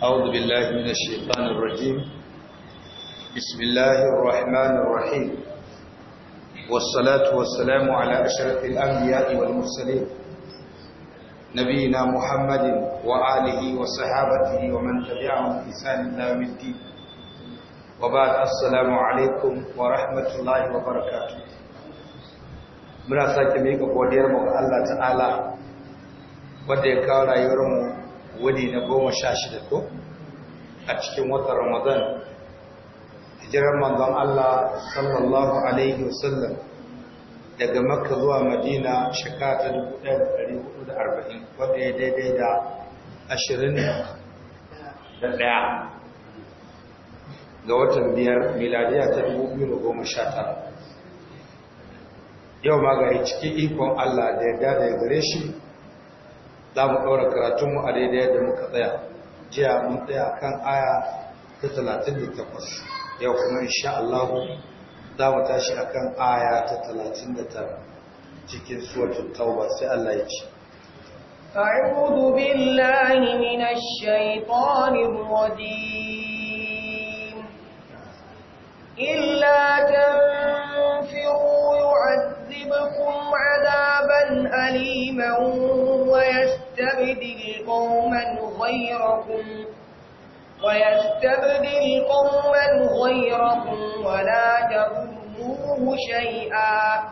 أعوذ بالله من الشيطان الرجيم بسم الله الرحمن الرحيم والصلاة والسلام على أشرف الأنبياء والمرسلين نبينا محمد وآله وصحابته ومن تبعهم بإحسان إلى يوم الدين وبعد السلام عليكم ورحمة الله وبركاته muna sake mika godiyar mu ga Allah ta'ala wanda ya kawo rayuwar mu wani na goma sha shida ko a cikin watan ramadan hijirar manzon Allah sallallahu alaihi wasallam daga makka zuwa madina shekara ta 1440 wadda ya daidai da 21 ga watan biyar miladiya ta 2019 yau ma ga cikin ikon Allah da ya ya gare shi za mu ɗaura karatunmu a daidai yadda muka tsaya jiya mun tsaya kan aya ta talatin da takwas yau kuma insha Allah za mu tashi a kan aya ta talatin da tara cikin suwatun tauba sai Allah ya ce أعوذ بالله من الشيطان الرجيم إلا تنفروا يعد يصبكم عذابا أليما ويستبدل قوما غيركم ويستبدل قوما غيركم ولا تضروه شيئا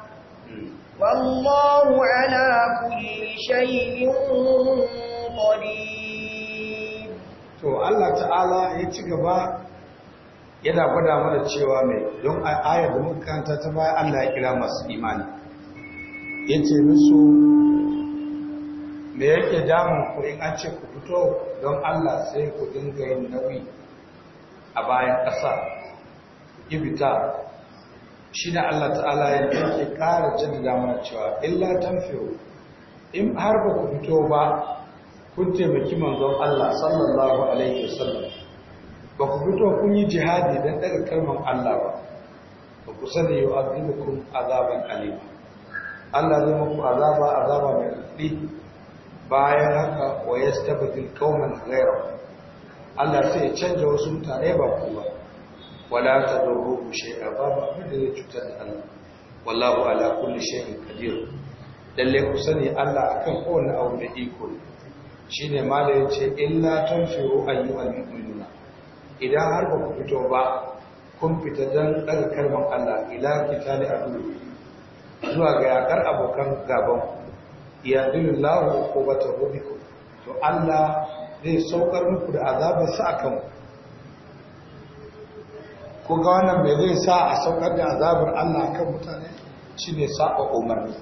والله على كل شيء قدير to Allah ta'ala ya yana gwada mana cewa mai don ayar da muka kanta ta baya Allah ya kira masu imani ya ce musu me yake damun ku in an ce ku fito don Allah sai ku dinga yin nauyi a bayan ƙasa ibita shi ne Allah ta'ala ya yake ƙara jin damar cewa illa tanfiyo in har ba ku fito ba kun taimaki manzon Allah sallallahu alaihi wasallam ba ku fito kun yi jihadi don daga kalmar Allah ba ba ku sani yau azaban alima Allah zai muku azaba azaba mai rufi bayan haka wa yastabdil qauman ghayra Allah sai ya canja wasu mutane ba ku ba wala tadurru shay'a ba ba da ya cutar da Allah wallahu ala kulli shay'in qadir lalle ku sani Allah akan kowanne abu da iko shine mala yace illa tunfiru ayyuhal mu'minuna idan har ba ku fito ba kun fita dan daga kalmar Allah ila kitali aduwi zuwa ga yakar abokan gaban yadin lahu ko bata rubiku to Allah zai saukar muku da azabarsa a kan ku. ga wannan mai zai sa a saukar da azabar Allah a kan mutane shi ne saba umarni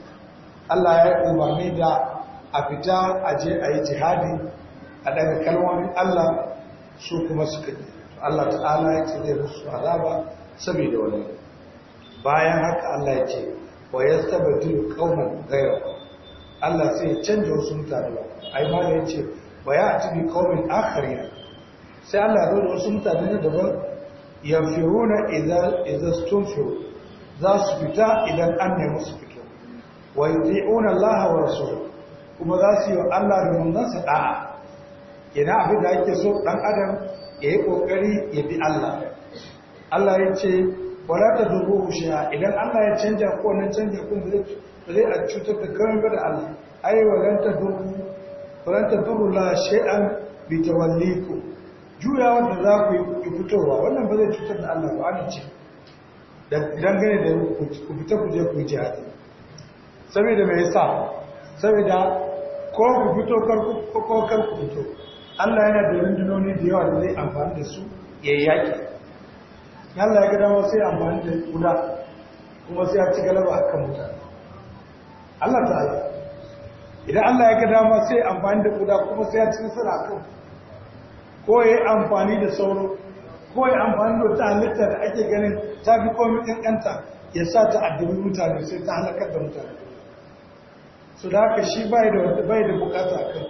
Allah ya yi umarni da a fita a je a yi jihadi a daga kalmomin Allah su kuma suka yi Allah ta'ala ya ce zai musu azaba saboda wani bayan haka Allah ya ce wa ya yastabdilu qauman ghayra Allah sai canja wasu mutane ba yi ma ya ce ya ci bi qaumin akharin sai Allah ya da wasu mutane na daban na iza idza stunfiru za su fita idan an nemi su fito wa yuti'una ona lahawar su kuma za su yi Allah da su ɗa'a ina abin da ake so ɗan adam ya yi ƙoƙari ya bi Allah Allah ya ce wala za ta dubo shiya idan Allah ya canja ko wannan canja kun zai a cutar da kawai ba da Allah ai walanta dogo walanta dubo la shay'an bi tawalliku juyawa da za ku yi fitowa wannan ba zai cutar da Allah ba an ce da dangane da ku fita ku je ku jihadi saboda me yasa saboda ko ku fito kar ku ko kar ku fito Allah yana da rundunoni da yawa da zai amfani da su ya yaki Allah ya ga dama sai amfani da guda kuma sai ya ci galaba akan mutane Allah ta yi idan Allah ya ga dama sai amfani da guda kuma sai ya ci nasara akan ko ya yi amfani da sauro ko ya yi amfani da wata halitta da ake ganin ta fi komai kankanta ya sa ta addabi mutane sai ta halakar da mutane su da haka shi bai da bukata akan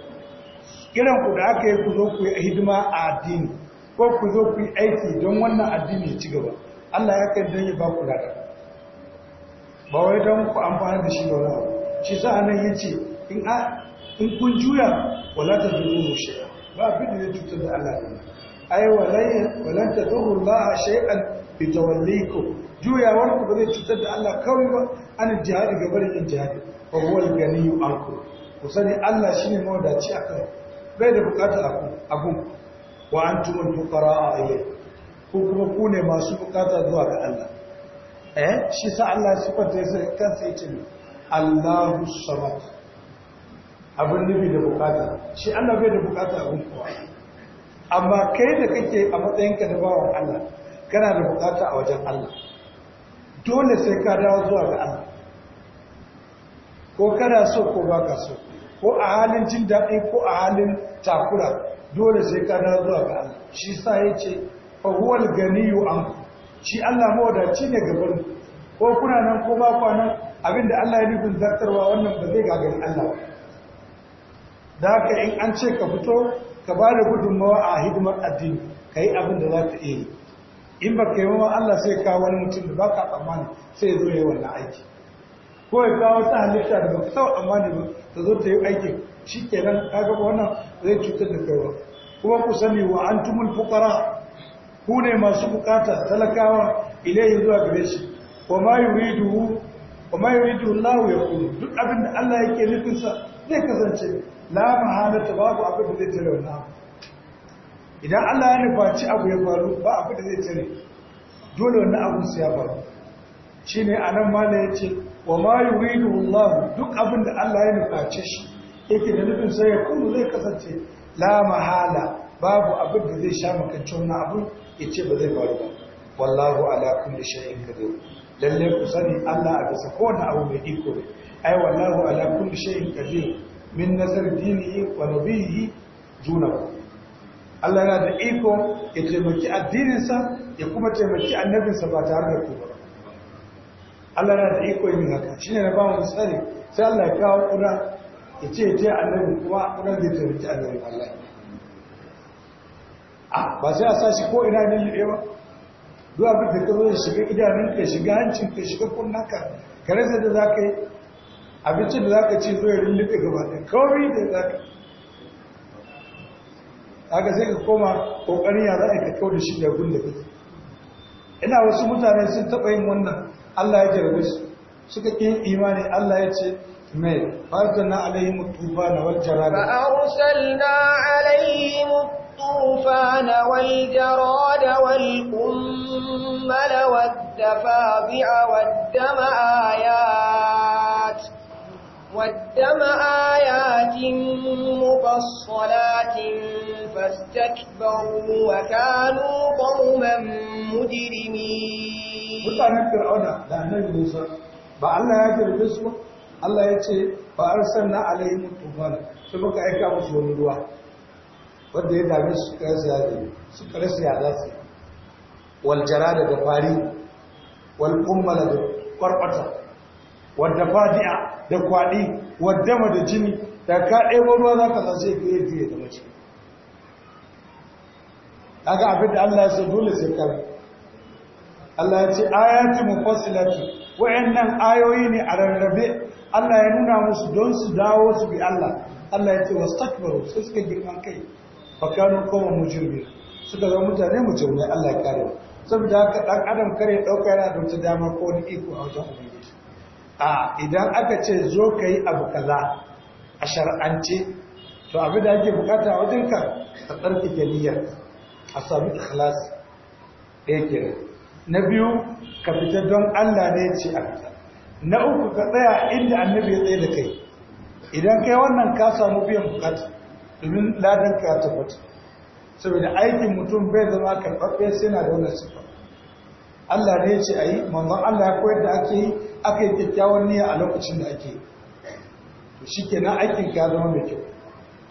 kiran ku da aka yi ku zo ku yi hidima a addini ko ku zo ku yi aiki don wannan addini ya ci gaba Allah ya kai don ya ba ku lada ba wai don ku amfana da shi ba wala shi sa nan ya ce in a in kun juya wala ta zuru shi ba abin da ya cutar da Allah ne ai walayya walan tadurru Allah shay'an bi tawallikum Juya ku ba zai cutar da Allah kawai ba an jihadi ga barin jihadi wa huwa al-ganiyyu ankum ku sani Allah shine mawadaci akan bai da bukatar abu wa antumul a ilayhi ko kuma ku ne masu bukata zuwa ga Allah eh shi sa Allah ya sifata sai kansa ce Allahu samad abin nufi da bukata shi Allah bai da bukata abin kowa amma kai da kake a matsayinka da bawan Allah kana da bukata a wajen Allah dole sai ka dawo zuwa ga Allah ko kana so ko baka so ko a halin jin daɗi ko a halin takura dole sai ka dawo zuwa ga Allah shi sa yace fa huwal ganiyyu am shi Allah ci ne gaban ko kuna nan ko ba kwana nan abinda Allah ya nufin zartarwa wannan ba zai gagari Allah da haka in an ce ka fito ka ba da gudunmawa a hidimar addini ka yi abin da za ka iya yi in ba ka yi mawa Allah sai ka wani mutum da ba ka tsammani sai zo ya yi wannan aiki ko ya kawo ta halitta da ba ka taɓa tsammani ba ta zo ta yi aikin shi kenan ka gaba wannan zai cutar da kaiwa kuma ku sani wa an tumul fukara ku ne masu bukata talakawa ilayin zuwa gare shi wa ma yi wa ma ya kudu. duk abin da Allah yake nufinsa sa zai kasance la ta babu abin da zai tare wannan idan Allah ya nufaci abu ya faru ba abin da zai tare dole wannan abun su ya faru shine anan ma ne yace wa ma yuridu Allah duk abin da Allah ya nuface shi yake da nufin sai ya kunu zai kasance la mahala babu abin da zai sha makancin wani abu ya ce ba zai faru ba wallahu ala kulli shay'in qadir lalle ku sani Allah a bisa kowane abu mai iko ne ai wallahu ala kulli shay'in qadir min nazar dinihi wa nabiyhi juna. Allah yana da iko ya taimaki addininsa ya kuma taimaki annabinsa ba tare da kuma. Allah yana da iko yin haka shine na ba mu sani sai Allah ya kawo kura ya ce ta annabi kuma kuma zai taimaki annabi Allah a ah, ba sai a sa shi ko ina ne liɗe ba zuwa da ta zo shiga idanun ka shiga hancin ka shiga kunna ka kare sai da za yi abincin da za ka ci zo ya lullube gaba da kawai da za ka haka sai ka koma ƙoƙarin ya za a ka kawo da shi da gunda ka kake ina wasu mutane sun taɓa yin wannan Allah ya jarabe su suka ƙin imani Allah ya ce فأرسلنا عليهم الطوفان والجراد فأرسلنا عليهم الطوفان والجراد والقمل والدفابع والدم آيات والدم آيات مفصلات فاستكبروا وكانوا قوما مجرمين. متى نكر أنا لا نجلس بعلها يجري باسمه Allah ya ce ba na alaihim tufan sai muka aika musu wani ruwa wanda ya dami su karasa ya su karasa ya su wal jarada da fari wal kummala da kwarkwata wadda fadi'a da kwaɗi wadda ma da jini da ka ɗaya ruwa za ka sace ka yi fiye da mace kaga abin da Allah ya sai dole sai kare. Allah ya ce ayati mufassilati wa'annan ayoyi ne a rarrabe Allah ya nuna musu don su dawo su bi Allah Allah ya ce wastakbaru sai suka girman kai fakanu kuma mujrimi suka zama mutane mu Allah ya kare saboda haka dan adam kare dauka yana da wata dama ko wani iko a wajen ubangiji a idan aka ce zo kai abu kaza a shar'ance to abin da ake bukata a wajenka ka tsarkake niyyar a sami ikhlas ɗaya kenan na biyu ka fita don Allah ne ce a fita na uku ka tsaya inda annabi ya tsaye da kai idan kai wannan ka samu biyan bukata domin ladan ka tabbata saboda aikin mutum bai zama karɓaɓɓe sai na da wannan sifa Allah ne ce a yi manzon Allah ya koyar da ake yi aka yi kyakkyawan niyya a lokacin da ake yi shi kenan aikin ka zama mai kyau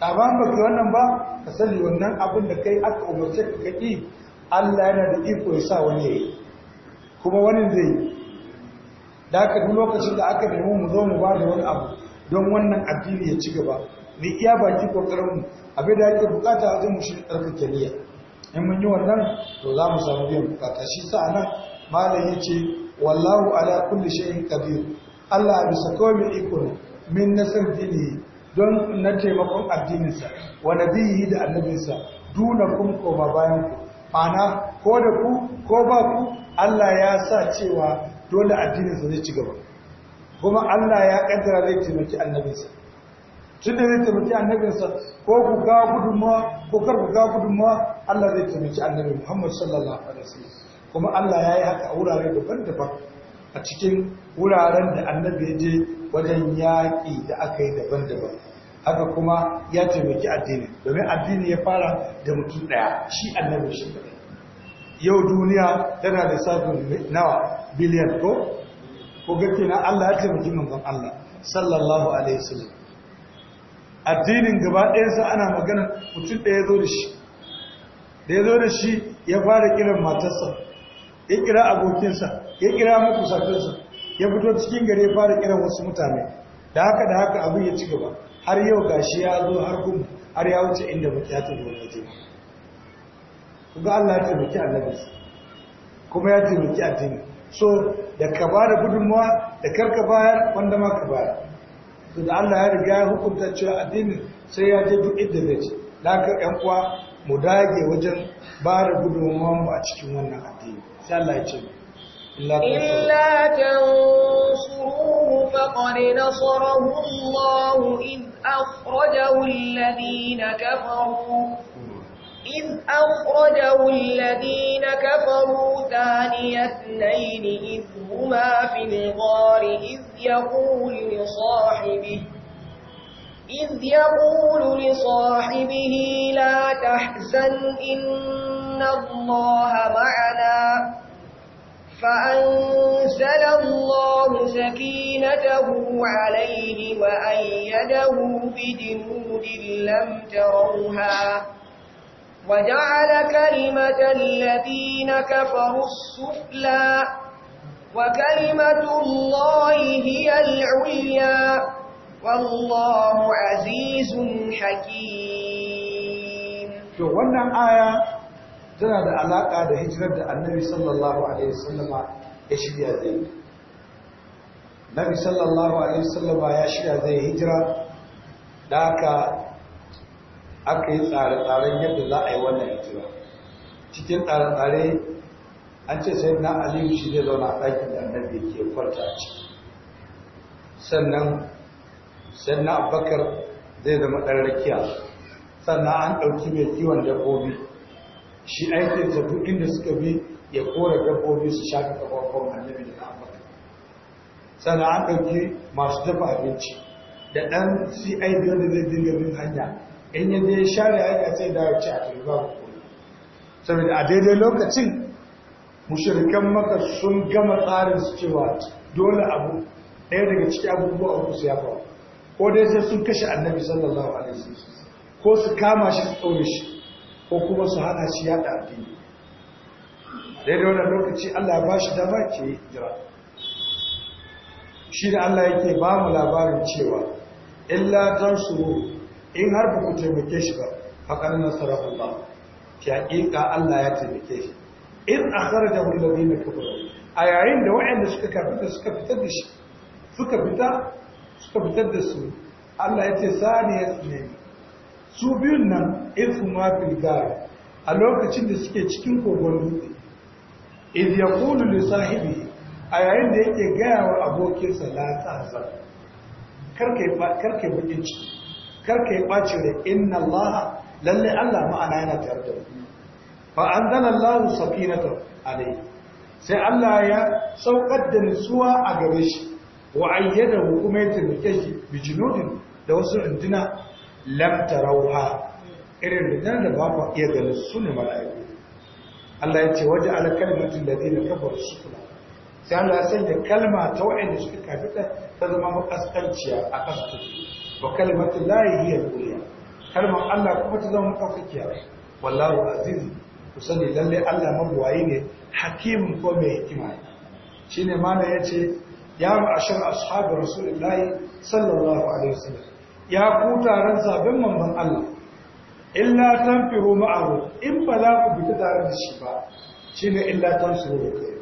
ta ba ke wannan ba ka sani wannan abin da kai aka umarce ka kaki Allah yana da iko ya sa wani ya yi kuma wani zai da aka duk lokacin da aka nemi mu zo mu ba da wani abu don wannan addini ya ci gaba mai iya baki kokarin mu abin da yake bukata a mu shi tsarkake niyya in mun yi wannan to za mu samu biyan bukata shi sa nan malam ya ce wallahu ala kulli shay'in qadir Allah bisa kawai mai iko ne min nasar dini don na taimakon addininsa wa nabiyi da annabinsa duna kun koma bayan ku ma'ana ko da ku ko ba ku Allah ya sa cewa dole addininsa zai ci gaba kuma Allah ya kaddara zai taimaki annabinsa tunda zai taimaki annabinsa ko ku ga gudunma ko kar ku ga gudunma Allah zai taimaki annabi Muhammad sallallahu alaihi wasallam kuma Allah ya yi haka a wurare daban-daban a cikin wuraren da annabi ya je wajen yaƙi da aka yi daban-daban haka kuma ya taimaki addini domin addini ya fara da mutum ɗaya shi annabi shi kadai yau duniya tana da safin nawa biliyan ko ko gake na Allah ya taimaki manzon Allah sallallahu alaihi wasallam addinin gaba ɗayansa ana magana mutum ɗaya zo da shi da ya zo da shi ya fara kiran matarsa ya kira abokinsa ya kira muku ya fito cikin gari ya fara kiran wasu mutane da haka da haka abin ya ci gaba har yau gashi ya zo har kuma har ya wuce inda mutum ya tafi wani ga Allah ya taimaki annabi kuma ya taimaki addini so da ka ba da gudunmawa da karka bayar wanda ma ka bayar to da Allah ya riga ya hukunta cewa addini sai ya je duk inda zai ci da ka ɗan uwa mu dage wajen ba da gudunmawa mu a cikin wannan addini sai Allah ya ce إلا تنصروه فقد نصره الله إذ أخرجه الذين كفروا إذ أخرجه الذين كفروا ثاني اثنين إذ هما في الغار إذ يقول لصاحبه إذ يقول لصاحبه لا تحزن إن الله معنا فأنزل الله سكينته عليه وأيده بجنود لم تروها وجعل كلمة الذين كفروا السفلى وكلمة الله هي العليا والله عزيز حكيم to wannan aya tana da alaka da hijirar da Annabi sallallahu alaihi wasallama ya shirya zai Nabi sallallahu alaihi wasallama ya shirya zai hijira da haka aka yi tsare-tsaren yadda za a yi wannan hijira cikin tsare-tsare an ce sai na aliyu shi zai zauna a ɗakin da annabi ke kwanta a ciki sannan sai na abubakar zai zama ɗan rakiya sannan an ɗauki mai kiwon dabbobi shi aikinsa duk inda suka bi ya kora dabbobi su shafi kafafon annabi da na abubakar sannan an ɗauki masu dafa abinci da ɗan cid wanda zai dinga bin hanya in yadda ya share hanya sai da wuce a kai babu kuma saboda a daidai lokacin mushirikan maka sun gama tsarin su cewa dole abu ɗaya daga ciki abubuwa a kusa ya faru ko dai sai sun kashe annabi sallallahu alaihi wasallam ko su kama shi su tsore shi ko kuma su hana shi yaɗa addini daidai wannan lokaci Allah ya ba shi dama ke jira shi da Allah yake ba mu labarin cewa illa tansuru in har ba ku taimake shi ba faƙar nasarar ba ki haƙiƙa Allah ya taimake shi in a da hulabi na kabaru a yayin da waɗanda suka kafita suka fitar da shi suka fita suka fitar da su Allah ya ce sani ya tsine su biyun nan in isma filgar a lokacin da suke cikin kogon dutse iz yaqulu li sahibi a yayin da yake gaya wa abokinsa la tahzan karkai karkai bakin ciki karka yi ɓace da inna Allah lalle Allah ma'ana yana tare da mu fa anzala Allah safinata alayhi sai Allah ya saukar da nutsuwa a gare shi wa ayyada hukumai ta taimake shi da wasu runduna lam irin rundunar da ba ku iya ganin su ne mala'iku Allah ya ce waje ala kalmatin da zai da kafar sufula sai Allah ya sanya kalma ta waɗanda suka kafita ta zama makaskanciya a kasa tudu wa kalimatu lahi hiyar al-ulya kalmar Allah kuma ta zama mafakkiya wallahu aziz ku sani lalle Allah magwayi ne hakimin ko mai hikima shine mana yace ya ma a ma'ashar ashabi rasulillahi sallallahu alaihi wasallam ya ku taron sabin mamban Allah illa tanfiru ma'ahu in ba za ku fita tare da shi ba Shi ne illa tanfiru kai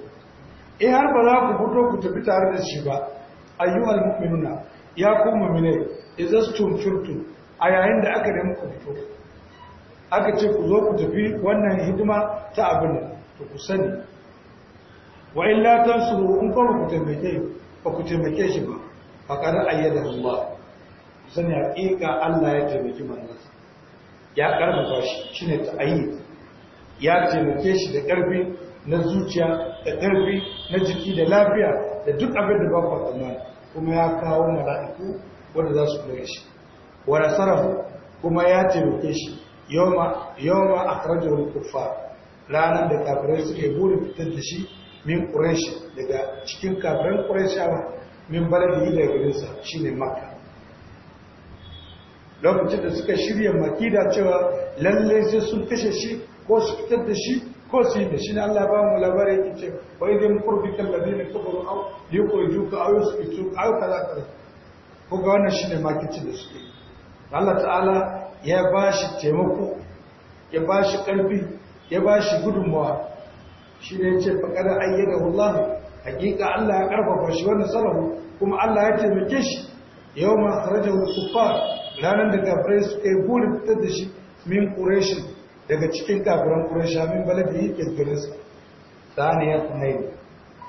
in har ba za ku fito ku tafi tare da shi ba ayyuhal mu'minuna ya kuma mine. idan cuncuntu a yayin da aka nemi ku fito aka ce ku zo ku tafi wannan hidima ta abin da ku sani wa illa tansuru in kuma ku taimake ba ku taimake shi ba faƙar ayyada Allah sani haƙiƙa Allah ya taimaki manzansa ya ƙarfafa shi shine ayi ya taimake shi da ƙarfi na zuciya da ƙarfi na jiki da lafiya da duk abin da ba ku kuma ya kawo mala'iku wanda za su kula shi wa nasarahu kuma ya taimake shi yawma yawma akhrajahu al-kuffar ranar da kafirai suke buri fitar da shi min quraish daga cikin kafiran quraishawa min baladi daga sa shine makka lokacin da suka shirya makida cewa lalle sai sun kashe shi ko su fitar da shi ko su yi da shi ne Allah ba mu labarai ce wai dai mu kurbi kan ladina kafaru au yi su yusbitu aw kaza kaza ko ga wannan shine makicin da suke Allah ta'ala ya ba shi taimako ya ba shi ƙarfi ya ba shi gudunmawa shi ne ce faƙar ayyada Allah hakika Allah ya ƙarfafa shi wannan sarrafa kuma Allah ya taimake shi yau ma kharajahu kuffar ranar da kafirai suka yi burin fitar da shi min ƙureshin daga cikin kafiran quraish min baladi yake garin sa saniyat ɗaya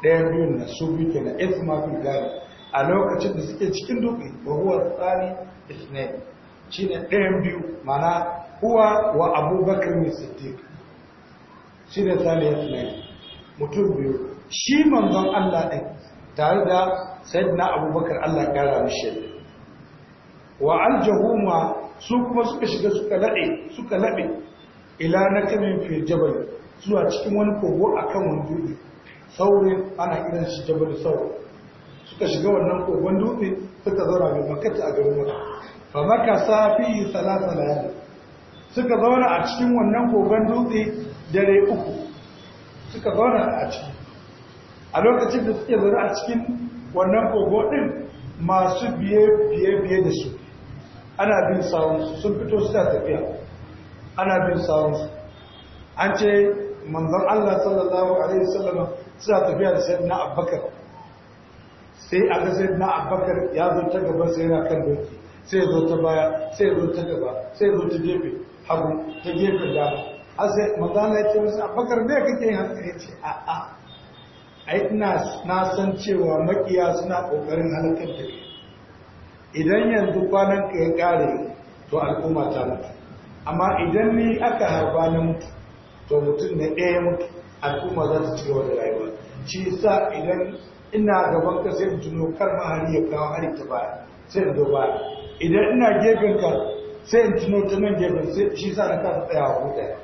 ɗayan biyun na su biyu na ithma mafi gari a lokacin da suke cikin dutse wa huwa tsani isne ne ɗayan biyu mana huwa wa abubakar ne siddiq shine tsani isne mutum biyu shi manzon Allah ɗin tare da na abubakar Allah kara mishi wa aljahuma su kuma suka shiga suka laɗe suka laɗe ila na kamin fiye jabal zuwa cikin wani kogo akan wani dutse saurin ana irin shi jabal saurin suka shiga wannan kogon dutse suka zauna mai makata a garin maka fa maka safi na layali suka zauna a cikin wannan kogon dutse dare uku suka zauna a ciki a lokacin da suke zaura a cikin wannan kogo din masu biye biye biye da su ana bin su, sun fito suna tafiya ana bin su. an ce manzon Allah sallallahu alaihi wasallam suna tafiya da sayyidina Abubakar sai a ga sai na abakar ya zo ta gaba sai yana kan doki sai zo ta baya sai zo ta gaba sai zo ta gefe hagu ta da ba a sai magana ya ce masa abakar ne kake yin hankali ya ce a'a a yi na san cewa makiya suna kokarin halakar da ke idan yanzu kwanan ka ya kare to al'umma ta mutu amma idan ni aka harba na mutu to mutum na ɗaya mutu al'umma za ta ci gaba da rayuwa shi sa idan ina gaban ka sai juno kar ma hari ya kawo hari ta baya sai in zo baya idan ina gefen ka sai in tuno ta nan gefen sai shi sa na kasa tsaya ko ɗaya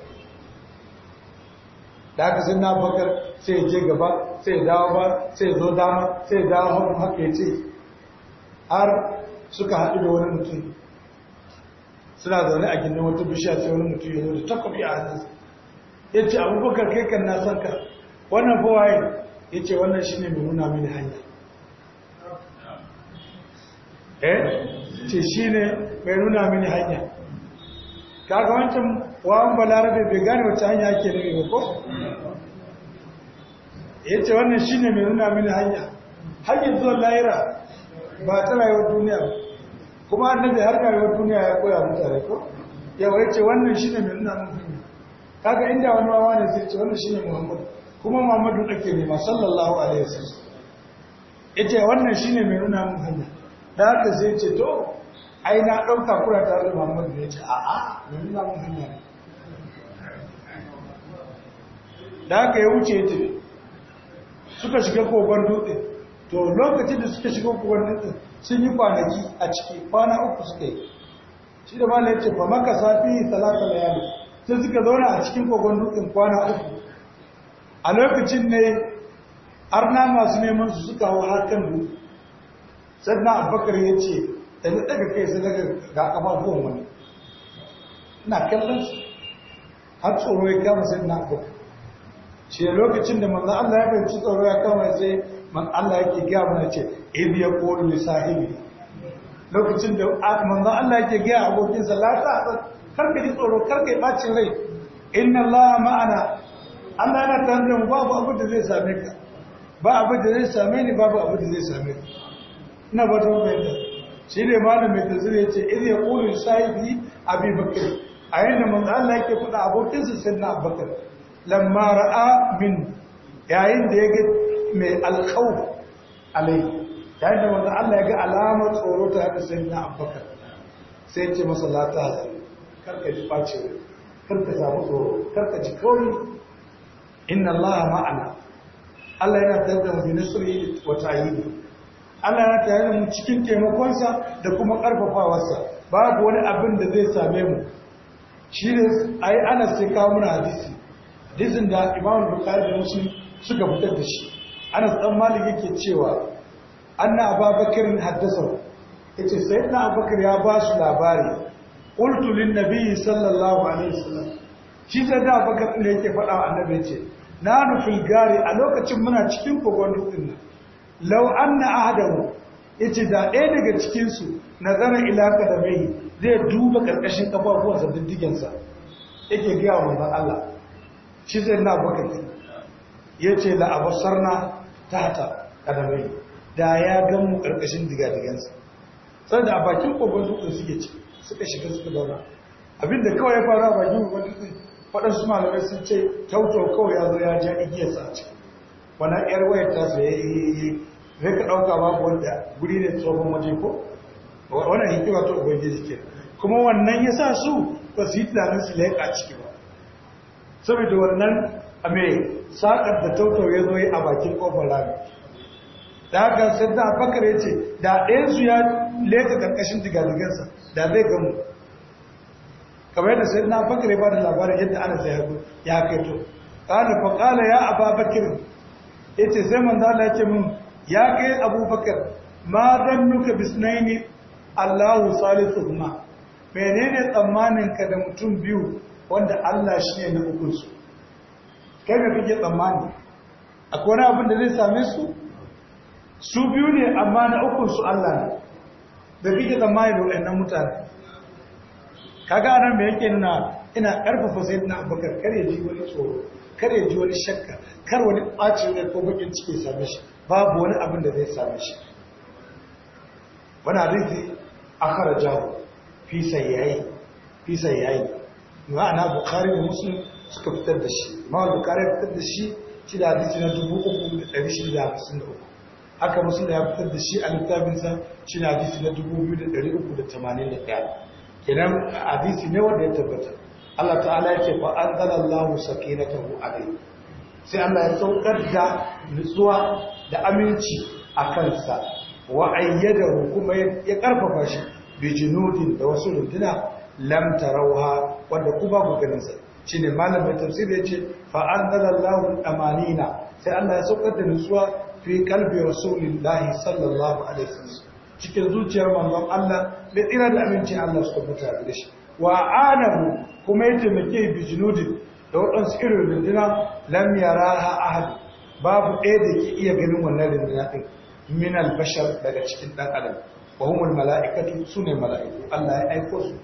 da aka san na bakar sai ya je gaba sai ya dawo ba sai ya zo dama sai ya dawo hakan haka ya ce har suka haɗu da wani mutum suna zaune a gindin wata bishiya sai wani mutum ya zo da takwafi a hannunsa ya ce abubakar kai kan na son ka wannan fa waye ya ce wannan shi ne mai nuna mini hanya eh ce shi ne mai nuna mini hanya kaga wancan wawan balarabe bai gane wacce hanya ake nufi ba ko ya ce wannan shi ne mai nuna mini hanya hanyar zuwan lahira ba ta rayuwar duniya kuma annabi har rayuwar duniya ya koya mutane ko yawa ya ce wannan shi ne mai nuna mini hanya kaga inda wani wawa ne zai ce wannan shi ne muhammadu kuma Muhammadu ake nema sallallahu alaihi wasallam yace wannan shine mai nuna mun hanya da haka sai ce to ai na dauka kura ta da Muhammadu yace a a mai nuna mun hanya da haka ya wuce ya tafi suka shiga kogon dutse to lokacin da suka shiga kogon dutse sun yi kwanaki a ciki kwana uku suka yi shi da malai ce fa maka safi talata layali sai suka zauna a cikin kogon dutsen kwana uku a lokacin ne arna masu neman su suka hau har kan sannan abubakar ya ce da na daga kai sai daga ga kafafuwan wani na kallon su har tsoro ya kama sai na abubakar ce lokacin da manzan Allah ya fahimci tsoro ya kama sai man Allah ya ke gaya mana ce ya kori li sahibi lokacin da manzan Allah ya ke gaya abokin sa a ta kar ka tsoro kar ka yi bacin rai inna Allah ma'ana Allah yana tare da mu babu abin da zai same ka ba abin da zai same ni babu abin da zai same ka ina ba ta da shi ne malam mai tazir ya ce idh yaqulu sahibi abi bakr a yanda manzo Allah yake faɗa abokinsa na abubakar lamma ra'a min yayin da ya ga mai alkhawf alai yayin da manzo Allah ya ga alamar tsoro ta da sayyidina abubakar sai ya ce masa la ta karka ji face karka samu tsoro karka ji kawai inna Allah ma'ana Allah yana tare da mu nasri wa ta'yid Allah yana tare da mu cikin taimakonsa da kuma karfafawarsa babu wani abin da zai same mu shi ne ai ana sai kawo muna hadisi hadisin da Imam Bukhari da Muslim suka fitar da shi ana ɗan Malik yake cewa anna Abubakar haddasa yace sayyidina Abubakar ya ba su labari qultu lin nabiy sallallahu alaihi wasallam shi da da bakar da yake faɗa wa annabi ce na nufin gari a lokacin muna cikin kogon dutsen nan law anna ahadahu yace da ɗaya daga cikin su nazara ila kadamai zai duba karkashin sa diddigen sa yake ga manzon Allah shi da na bakar yace la abasarna tahta kadamai da ya ga mu karkashin sa sai da a bakin kogon dutsen suke ci suka shiga suka zauna abinda kawai ya fara a bakin kogon dutsen waɗansu malamai sun ce kyautau kawai ya zo ya ja igiyarsa a ciki wannan yar wayar ta su ya yi zai ka ɗauka babu wanda guri ne tsohon waje ko wannan hikima ta ubangi ke kuma wannan ya sa su ba su yi tunanin su leƙa ciki ba saboda wannan a mai saƙar da tautau ya zo ya a bakin ƙofar rami da haka sai da bakar ya ce da ɗayansu ya leƙa ƙarƙashin digadigansa da zai gamu kamar yadda sai na bakare ba da labarin yadda ana zai hagu ya kai to ƙada fa ƙala ya aba bakir ya ce sai manzo Allah ya ce mun. ya kai abubakar ma dan nuka bisnaini Allahu salisuhuma menene tsammanin ka da mutum biyu wanda Allah shine na ukun su kai me kake tsammani akwai wani abin da zai same su su biyu ne amma na ukun su Allah ne da kike tsammani da waɗannan mutane kaga anan me yake nuna ina karfafa ina abubakar kare ji wani tsoro kare ji wani shakka kar wani ɓacin rai ko bakin ciki same shi babu wani abin da zai same shi wani a kara jawo fi sayyayi yayi ma ana bukari da musu suka fitar da shi ma bukhari ya fitar da shi shi da hadisi na uku haka da ya fitar da shi a littafinsa shi da hadisi na ɗaya kenan hadisi ne wanda ya tabbata Allah ta'ala ya ce fa anzalallahu sakinatahu alayhi sai Allah ya saukar da nutsuwa da aminci a kansa wa ayyadahu kuma ya karfafa shi bi junudin da wasu rundina lam tarawha wanda ku ba ku ganin sa ne malamin tafsir ya ce fa anzalallahu amanina sai Allah ya saukar da nutsuwa fi qalbi rasulillahi sallallahu alaihi wasallam cikin zuciyar manzon Allah da tsira da aminci Allah su tabbata da shi wa anahu kuma ya taimake bijinudin da waɗansu irin runduna lam yaraha ahad babu ɗaya da ke iya ganin wannan runduna ɗin min albashar daga cikin ɗan adam wa humul mala'ikatu sune mala'iku Allah ya aiko su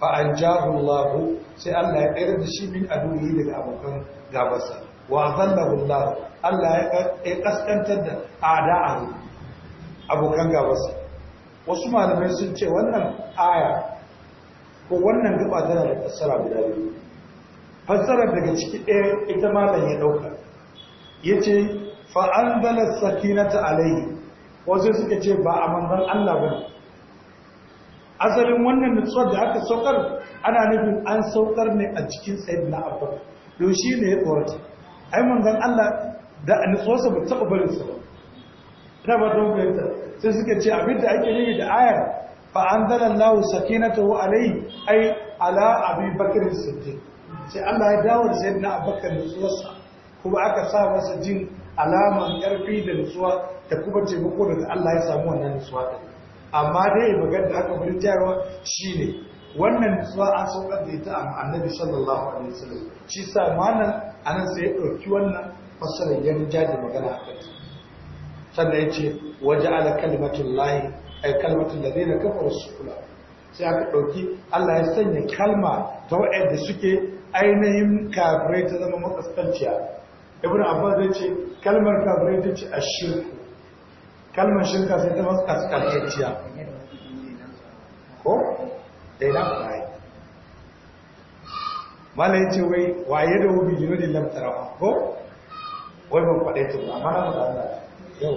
fa anjahu Allah sai Allah ya tsere da shi min aduyi daga abokan gabasa, wa zallahu Allah Allah ya ƙasƙantar da a'da'ahu abokan gabasa. wasu malamai sun ce wannan aya ko wannan gaba tana da fassara guda biyu fassara daga ciki ɗaya ita malam ya ɗauka ya ce fa'anzalar sakinata alaihi wasu suka ce ba a manzan Allah ba asalin wannan nutsuwar da aka saukar ana nufin an saukar ne a cikin tsayin na abu don shi ne ya tsorata ai manzan Allah da nutsuwarsa ba taɓa barinsa ba ina ba don fahimta sai suka ce abinda ake yi da ayar fa lahu sakinatahu alai, ai, ala abi bakr siddiq sai Allah ya dawo da sayyidina abubakar nutsuwarsa kuma aka sa masa jin alaman karfi da nutsuwa da kuma taimako daga Allah ya samu wannan nutsuwa amma dai magana da aka bari tayarwa shine wannan nutsuwa an saukar da ita annabi sallallahu alaihi wasallam shi sa manan anan sai ya ɗauki wannan fasalar yan rija da magana a kai sannan ya ce waja'ala kalimatullahi ay kalmatul ladina kafaru kula. sai aka dauki Allah ya sanya kalma ta wa'anda suke ainihin kafirai ta zama makasanciya ibn abbas ya ce kalmar kafirai ta ce ashirku kalmar shirka sai ta makasanciya ko dai na fara mala ya ce wai waye da wubi da lamtarawa ko wai ban kwaɗe ta ba amma na fara yau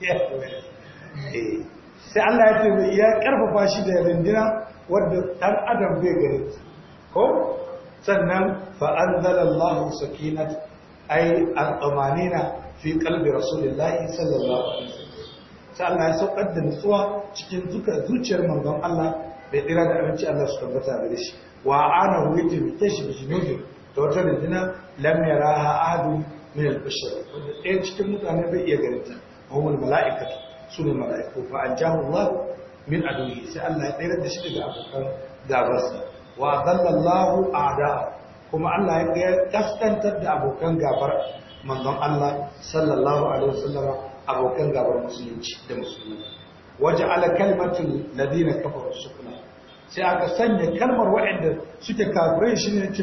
Eh, sai Allah ya ce mai ya karfafa shi da rindina wadda ɗan adam zai gare ko sannan fa'anzalallahu sakinat ai al'amanina fi kalbi rasulullahi sallallahu alaihi wasallam sai Allah ya saukar da nutsuwa cikin zuciyar manzon Allah bai dira da abinci Allah su tabbata da shi wa ana wuce mai shi da jinubi da wata rindina lam yaraha ahadu min al-bashar wanda ɗaya cikin mutane bai iya ta. wawon mala'ikatu su ne mala'iku fa an jahu Allah min aduyi sai Allah ya tsayar da shi daga abokan gabarsa wa zallallahu a'da kuma Allah ya kaskantar da abokan gabar manzon Allah sallallahu alaihi wasallama abokan gabar musulunci da musulmi waje ala kalmatul ladina kafaru sukuna sai aka sanya kalmar waɗanda suke kafirai shi ne ce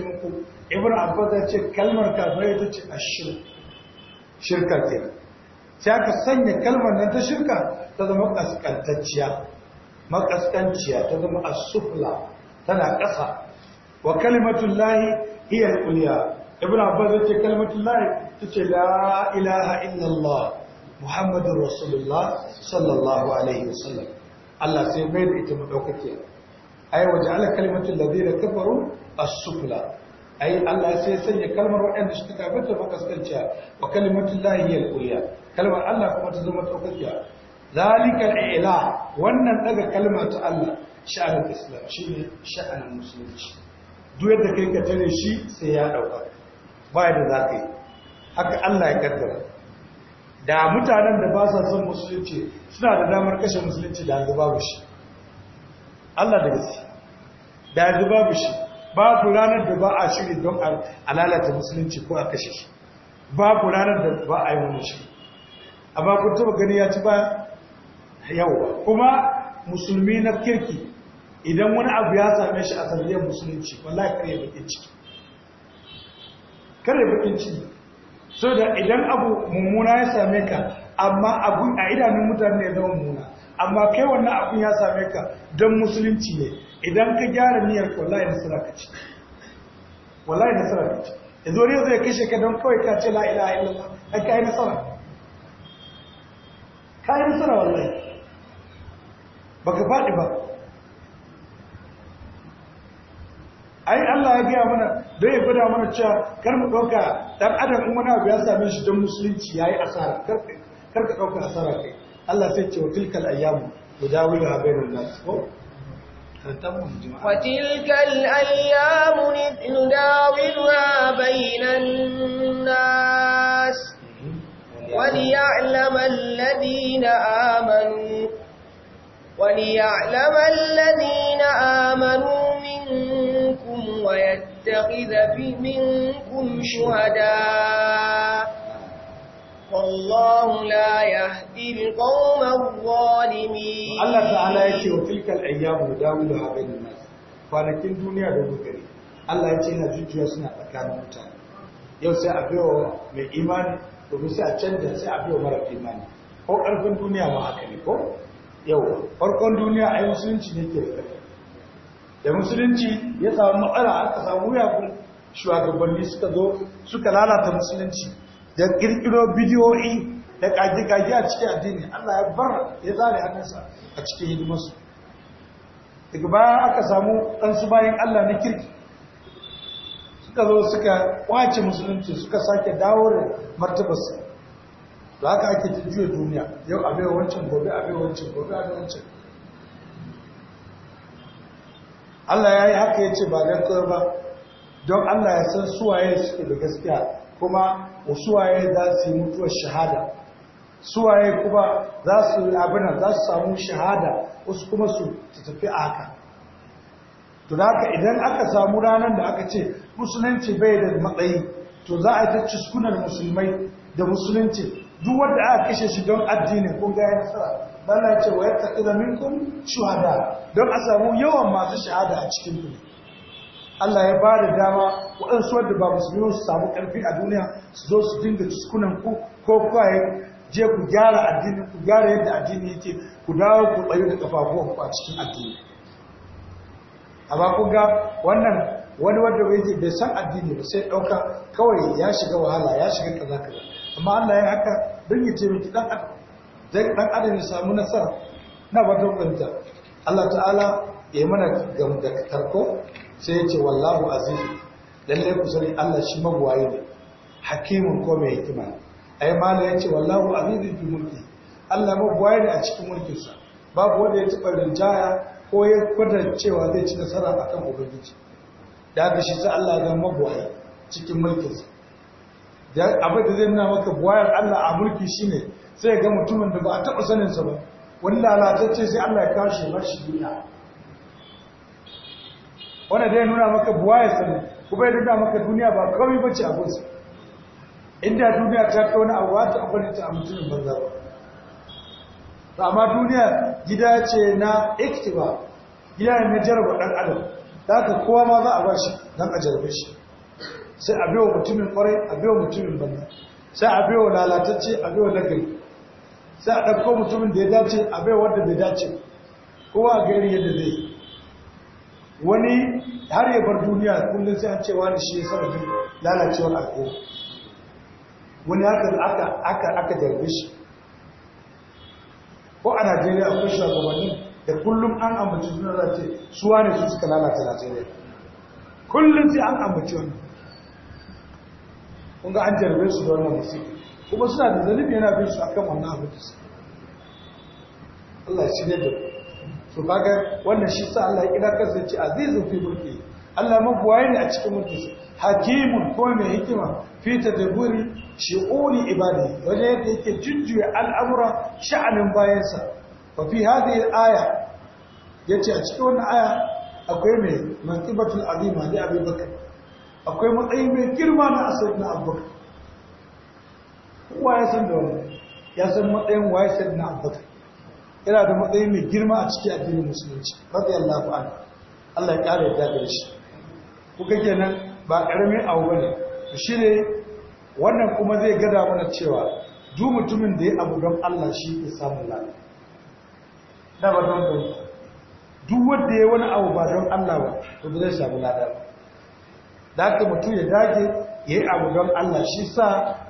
ya ce kalmar kafirai ta ce a shirka sai aka sanya kalmar nan ta shirka ta zama kaskantacciya Maƙasƙanciya ta zama asufla tana ƙasa wa kalimatun lahi iya kuliya ibn abbas ya ce kalimatun lahi ta ce la ilaha illallah muhammadun rasulullah sallallahu alaihi wasallam Allah sai mai da ita madaukake ai waje ala kalimatun ladina kafaru sufla. ai Allah sai sanya kalmar waɗanda suka kafirta maƙasƙanciya. wa kalimatun lahi iya kuliya kalmar Allah kuma ta zama ɗaukakiya zalikal ila wannan daga kalma ta Allah sha'anin islam shi ne sha'anin musulunci duk yadda kai ka tare shi sai ya dauka ba yadda za ka yi haka Allah ya kaddara da mutanen da ba sa son musulunci suna da damar kashe musulunci da yanzu babu shi Allah da gaske da yanzu babu shi ba ku ranar da ba a shiri don a lalata musulunci ko a kashe shi Ba ku ranar da ba a yi wani shiri amma kun taba gani ya ci ba yawa kuma musulmi na kirki idan wani abu ya same shi a tarbiyyar musulunci wallahi kar ya bakin ciki kare bakin ciki so da idan abu mummuna ya same ka amma abu a idanun mutane ya zama mummuna amma kai wannan abu ya same ka don musulunci ne idan ka gyara niyyar wallahi nasara ka ci wallahi nasara ka ci yanzu wani ya kashe ka don kawai ka ce la ilaha illallah kai ka yi nasara ka yi nasara wallahi ba ka faɗi ba ai Allah ya gaya mana don ya gwada mana cewa kar mu ɗauka ɗan adam in wani abu ya same shi don musulunci ya yi asara kar ka ɗauka asara kai Allah sai ce wa tilkal ayyamu mu dawo da bainar nasu ko وتلك الأيام نداولها بين الناس وليعلم الذين آمنوا وليعلم الذين آمنوا منكم ويتخذ منكم شهداء والله لا يهدي القوم الظالمين الله تعالى يشي وتلك الأيام نداولها بين الناس kwanakin duniya da dogari Allah ya ce na jujjuya suna tsakanin mutane yau sai a biyo mai imani domin sai a canja sai a biyo mara imani ko ƙarfin duniya ma haka ne ko yau farkon duniya a yi musulunci ne ke da da musulunci ya samu matsala aka samu fi shugabanni suka zo suka lalata musulunci da ƙirƙiro bidiyoyi da ƙage-ƙage a cikin addini allah ya bar ya zare kansa a cikin hidimarsu daga baya aka samu ɗansu bayan allah na kirki suka zo suka kwace musulunci suka sake dawo da martabarsa da haka ake juya duniya yau bai wancan gobe bai wancan gobe bai wancan Allah ya yi haka ya ce ba don kawai ba don Allah ya san suwaye suke da gaskiya kuma suwaye za su yi mutuwar shahada suwaye kuma za su yi abinan za su samu shahada wasu kuma su tafi a haka to da haka idan aka samu ranar da aka ce musulunci bai da matsayi to za a yi ta ciskunar musulmai da musulunci duk wadda aka kashe shi don addini kun ga ya nasara bana ce wa yadda ƙira minkum shuhada don a samu yawan masu shahada a cikin ku Allah ya ba da dama waɗansu wadda ba musulmi su samu ƙarfi a duniya su zo su dinga ciskunan ku ko kwaye je ku gyara addini ku gyara yadda addini yake ku dawo ku tsayu da ku a cikin addini amma kun ga wannan wani wanda bai ji bai san addini ba sai dauka kawai ya shiga wahala ya shiga kaza kaza amma Allah ya haka don ya ce miki dan adam dan adam ya samu nasara na ba ta kwanta Allah ta'ala ya yi mana gamu da tarko sai ya ce wallahu aziz lalle ku sani Allah shi magwaye ne hakimun ko mai hikima ai mala ya ce wallahu aziz bi mulki Allah magwaye ne a cikin mulkinsa babu wanda ya taba rinjaya ko ya cewa zai ci nasara a kan ubangiji da aka shi sai Allah ya zama buhai cikin mulkinsa abin da zai nuna maka buwayar Allah a mulki shine sai ga mutumin da ba a taɓa saninsa ba wani lalatacce sai Allah ya kashe mashi duniya wanda dai nuna maka buwayar sani kuma bai nuna maka duniya ba kawai bace abinsa inda duniya ta kai wani abu ta abarinta a mutumin banza ba to amma duniya gida ce na iktiba gida ne na jarba ɗan adam da haka kowa ma za a ba shi don a jarbe shi sai a biyo mutumin kwarai a biyo mutumin banza sai a biyo lalatacce a biyo nagari sai a ɗauko mutumin da ya dace a bai wanda bai dace kowa a gari yadda zai wani har ya bar duniya kullum sai an ce wani shi ya sarrafi lalacewar al'umma wani haka aka aka aka jarbe shi ko a najeriya akwai shugabanni da kullum an ambaci suna da ce suwa ne su suka lalata najeriya kullum sai an ambaci wani kun ga an jarabe su da wannan musu kuma suna da zalibi yana bin su akan wannan abin da su Allah ya ne da su kaga wannan shi sa Allah ya kira kansa ce azizun fi mulki Allah waye ne a cikin mulkinsa hakimun ko mai hikima fi tadabburi shi'uni ibadi wajen yadda yake jujjuya al'amura sha'anin bayansa ba fi haɗe aya. aya ce a cikin wani aya akwai mai mantibatul azima ne Abu baka? akwai matsayi mai girma na na abubakar Bakar ya san da wani, ya san matsayin waye san na abubakar yana da matsayi mai girma a cikin addinin musulunci radiyallahu an Allah ya kare da shi kuka kenan ba karamin abu ne, to shine wannan kuma zai gada mana cewa duk mutumin da ya abu don Allah shi ke samun lafi da ba don don duk wadda ya wani abu ba don Allah ba to ba zai samu lafiya da haka mutum ya dage ya yi abu don Allah shi sa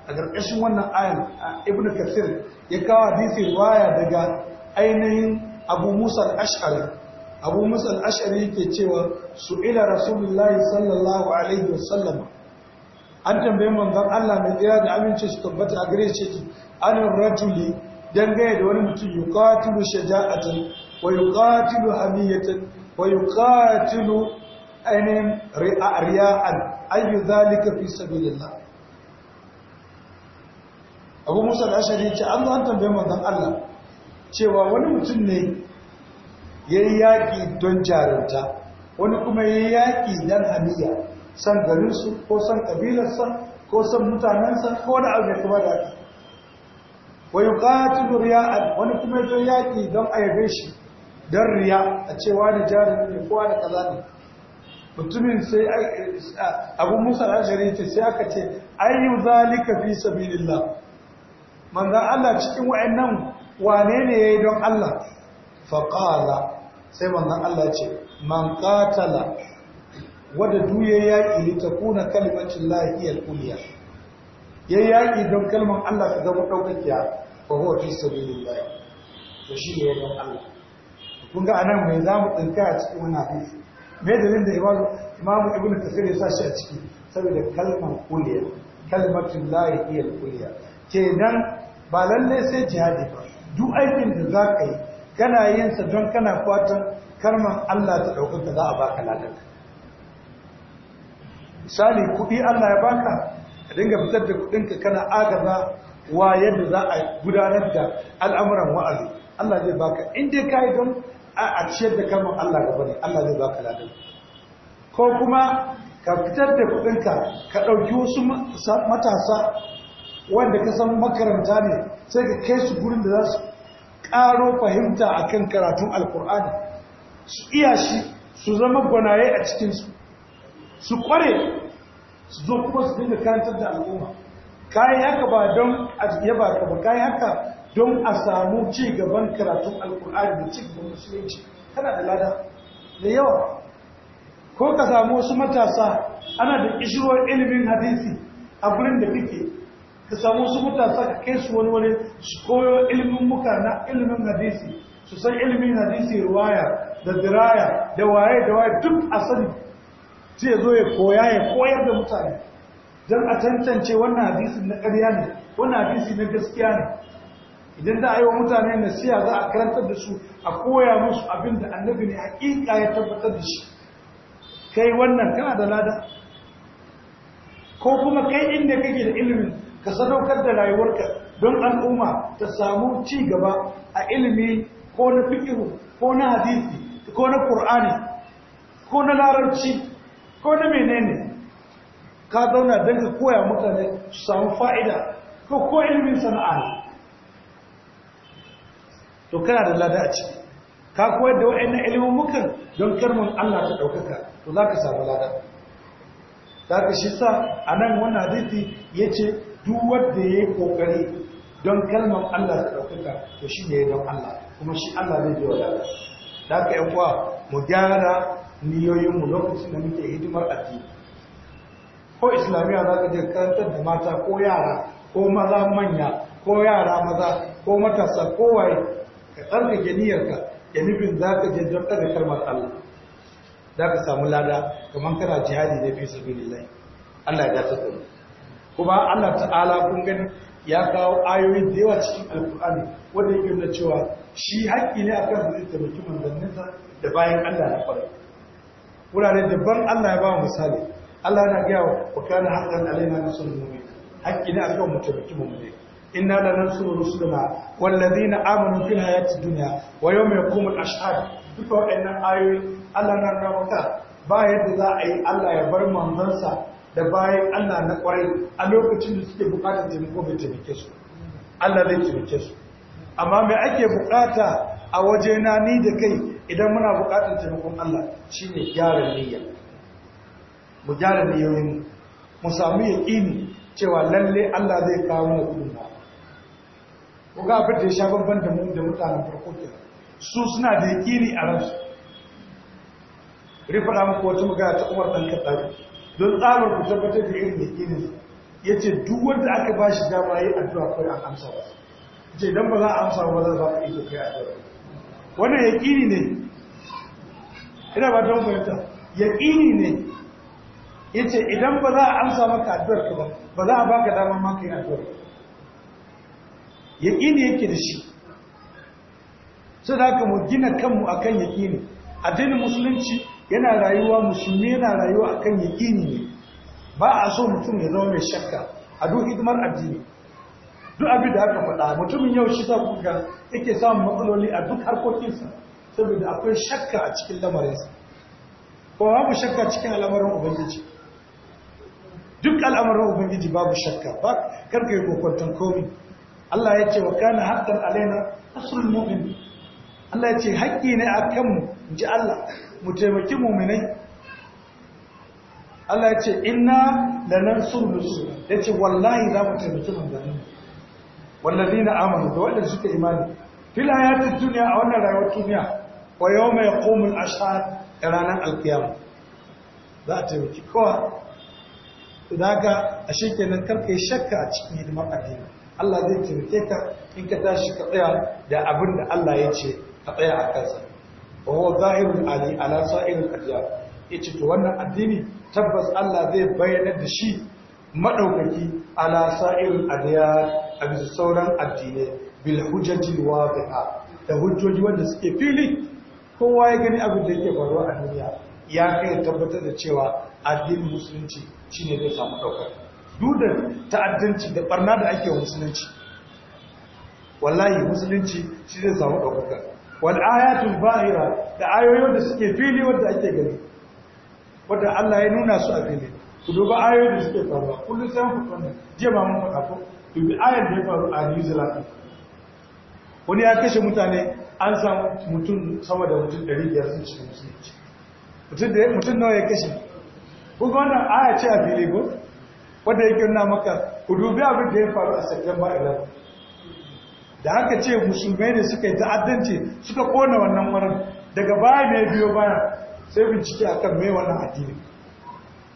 a ƙarƙashin wannan ayan Ibn kasir ya kawo hadisi waya daga ainihin abu musa al-ash'ari abu musa al-ash'ari ke cewa su su'ila rasulullahi sallallahu alaihi wasallam an tambayi manzan Allah mai tsira da amince su tabbata a gare shi an rajuli dangane da wani mutum yuqatilu shaja'atan wa yuqatilu hamiyatan wa yuqatilu ainin ri'a'an ayu zalika fi sabilillah Abu Musa al-Ashari ce an an tambayi manzan Allah cewa wani mutum ne yayi yaki don jarunta wani kuma yayi yaki dan hamiya san garinsu ko san ƙabilarsa ko san mutanensa ko da abu mai kuma da ake wa yi ƙatilu wani kuma yato yaƙi don a yabe shi don riya a cewa da jarin ne kowa da kaza ne mutumin sai abu musa na shari'a sai aka ce ayyu zalika fi sabilillah manzan Allah cikin wa'annan wane ne yayi don Allah Faƙala, sai manzan Allah ce man qatala wadda duye yaƙi li takuna kalimatu llahi ya yaƙi don kalmar Allah ta zama ɗaukakiya ba huwa fi yi to shi ne wajen Allah kun ga anan mai mu tsinka a cikin wani hadisi me dalilin da imamu imamu ibn kasir ya sa shi a ciki saboda kalmar kuliya kalimatu lahiyar kuliya ke nan kenan ba lalle sai jihadi ba duk aikin da za ka yi kana yin sa don kana fatan karmar Allah ta ɗaukaka za a baka lalata misali kuɗi Allah ya baka ka dinga fitar da kuɗinka kana agaba wa yadda za a gudanar da al'amuran wa'azi Allah zai baka in dai ka yi don a ciyar da kalmar Allah gaba ne Allah zai baka ladan ko kuma ka fitar da kuɗinka ka ɗauki wasu matasa wanda ka san makaranta ne sai ka kai su gurin da za su ƙaro fahimta akan karatun alkur'ani su iya shi su zama gwanaye a cikinsu su kware su zo kuma su dinga kantar da al'umma kayan haka ba don a ba ka ba kayan haka don a samu ci gaban karatun alkur'ani da ci gaban musulunci kana da lada da yawa ko ka samu wasu matasa ana da kishirwar ilimin hadisi a gurin da kake ka samu wasu matasa ka kai su wani wani su koyo ilimin muka na ilimin hadisi su san ilimin hadisi ruwaya da diraya da waye da waye duk a sani zai zo ya koya ya koyar da mutane don a tantance wannan hadisi na ƙarya ne wannan hadisi na gaskiya ne idan za a yi wa mutane nasiya za a karantar da su a koya musu abin da annabi ne haƙiƙa ya tabbatar da shi kai wannan kana da lada ko kuma kai inda kake da ilimin ka sadaukar da rayuwarka don al'umma ta samu ci gaba a ilimi ko na fiƙihu ko na hadisi ko na ƙur'ani ko na larabci ko na ne ka zauna don ka koya mutane su samu fa'ida ko ko ilimin sana'a to kana da lada a ciki ka koyar da na ilimin muka don karmin Allah ta ɗaukaka to za ka samu lada za ka shi sa a nan wannan hadithi ya ce duk wanda ya yi ƙoƙari don kalmar Allah ta ɗaukaka to shi ne don Allah kuma shi Allah zai biyo da da ka yi kuwa mu gyara niyoyinmu lokacin da muke hidimar addini ko islamiyya za ka je karantar da mata ko yara ko maza manya ko yara maza ko matasa ko waye ka tsarkake niyyarka ya nufin za ka je don ɗaga karmar Allah za ka samu lada kamar kana jihadi da fi sabilillah Allah ya ta kuma kuma Allah ta'ala kun gani ya kawo ayoyi da yawa cikin alkur'ani wanda yake nuna cewa shi haƙƙi ne akan zai taimaki manzanninsa da bayan Allah na farko wurare dabban Allah ya ba mu misali Allah yana gaya wa kana haqqan alaina nasrul mu'min haƙƙi ne akan mu mu ne inna la nansuru rusulana wal ladina amanu fil hayati dunya wa yawma yaqumul ashhad duka waɗannan ayoyi Allah na gaya maka ba yadda za a yi Allah ya bar manzansa da bayan Allah na kwarai a lokacin da suke bukatar taimako bai taimake su Allah zai taimake su amma me ake bukata a wajena ni da kai idan muna buƙatar taimakon Allah shi ne gyara niyya mu gyara niyyoyin mu sami yaƙini cewa lalle Allah zai kawo mana kudin ba ku ga abin da ya sha babban da mu da mutanen farko kenan su suna da yaƙini a ransu rifara muku wata magana ta Umar ɗan Khattab don tsabar ku tabbatar da irin Ya ce duk wanda aka shi dama yi addu'a kai an amsa ba ce dan ba za a amsa ba za a ba ka ido kai addu'a wannan yaƙini ne ina ba don fahimta yaƙini ne ya ce idan ba za a amsa maka addu'ar ka ba ba za a baka damar maka yin addu'ar yaƙini yake da shi su da haka mu gina kanmu akan yaƙini addinin musulunci yana rayuwa musulmi yana rayuwa akan yaƙini ne ba a so mutum ya zama mai shakka a duk hidimar addini duk abin da aka faɗa mutumin yau shi sa kuka yake samun matsaloli a duk harkokinsa saboda akwai shakka a cikin lamarinsa ko babu shakka cikin al'amarin ubangiji duk al'amarin ubangiji babu shakka ba karka yi kokwanton komi Allah ya ce wa kana haqqan alaina nasrul mu'min Allah ya ce haƙƙi ne a kanmu ji Allah mu taimaki mu'minai Allah ya ce inna sun rusul ya ce wallahi za mu taimaki manzannin na amanu da wanda suka imani fil hayatid dunya a wannan rayuwar duniya wa yawma yaqumul ashhad ranar alqiyama za ta yi kowa da ka a shekenan karka yi shakka a cikin hidimar addini Allah zai taimake ka in ka tashi ka tsaya da abin da Allah ya ce ka tsaya a kansa wa huwa zahirul ali ala sa'iril adyan yace to wannan addini tabbas Allah zai bayyana da shi madaukaki ala sa'irul adiyat a bisa sauran addinai bil hujjatil waqi'a da hujjoji wanda suke fili kowa ya gani abin da yake faruwa a duniya ya kai tabbatar da cewa addinin musulunci shine zai samu ɗaukar. duk da ta'addanci da barna da ake wa musulunci wallahi musulunci shi zai samu ɗaukaka wal ayatul bahira da ayoyin da suke fili wanda ake gani wanda Allah ya nuna su a fili ba duba ayoyin da suke faruwa kullum sai ku kwanne jiya ba mun faɗa ko bi ayar da ya faru a New Zealand wani ya kashe mutane an samu mutum sama da mutum 500 sun cikin musulunci mutum da mutum nawa ya kashe ku ga wannan aya ce a fili ko wanda yake nuna maka ku dubi abin da ya faru a September 11 da haka ce musulmai ne suka yi ta'addanci suka kona wannan marar daga baya ne biyo baya sai bincike akan mai wannan addini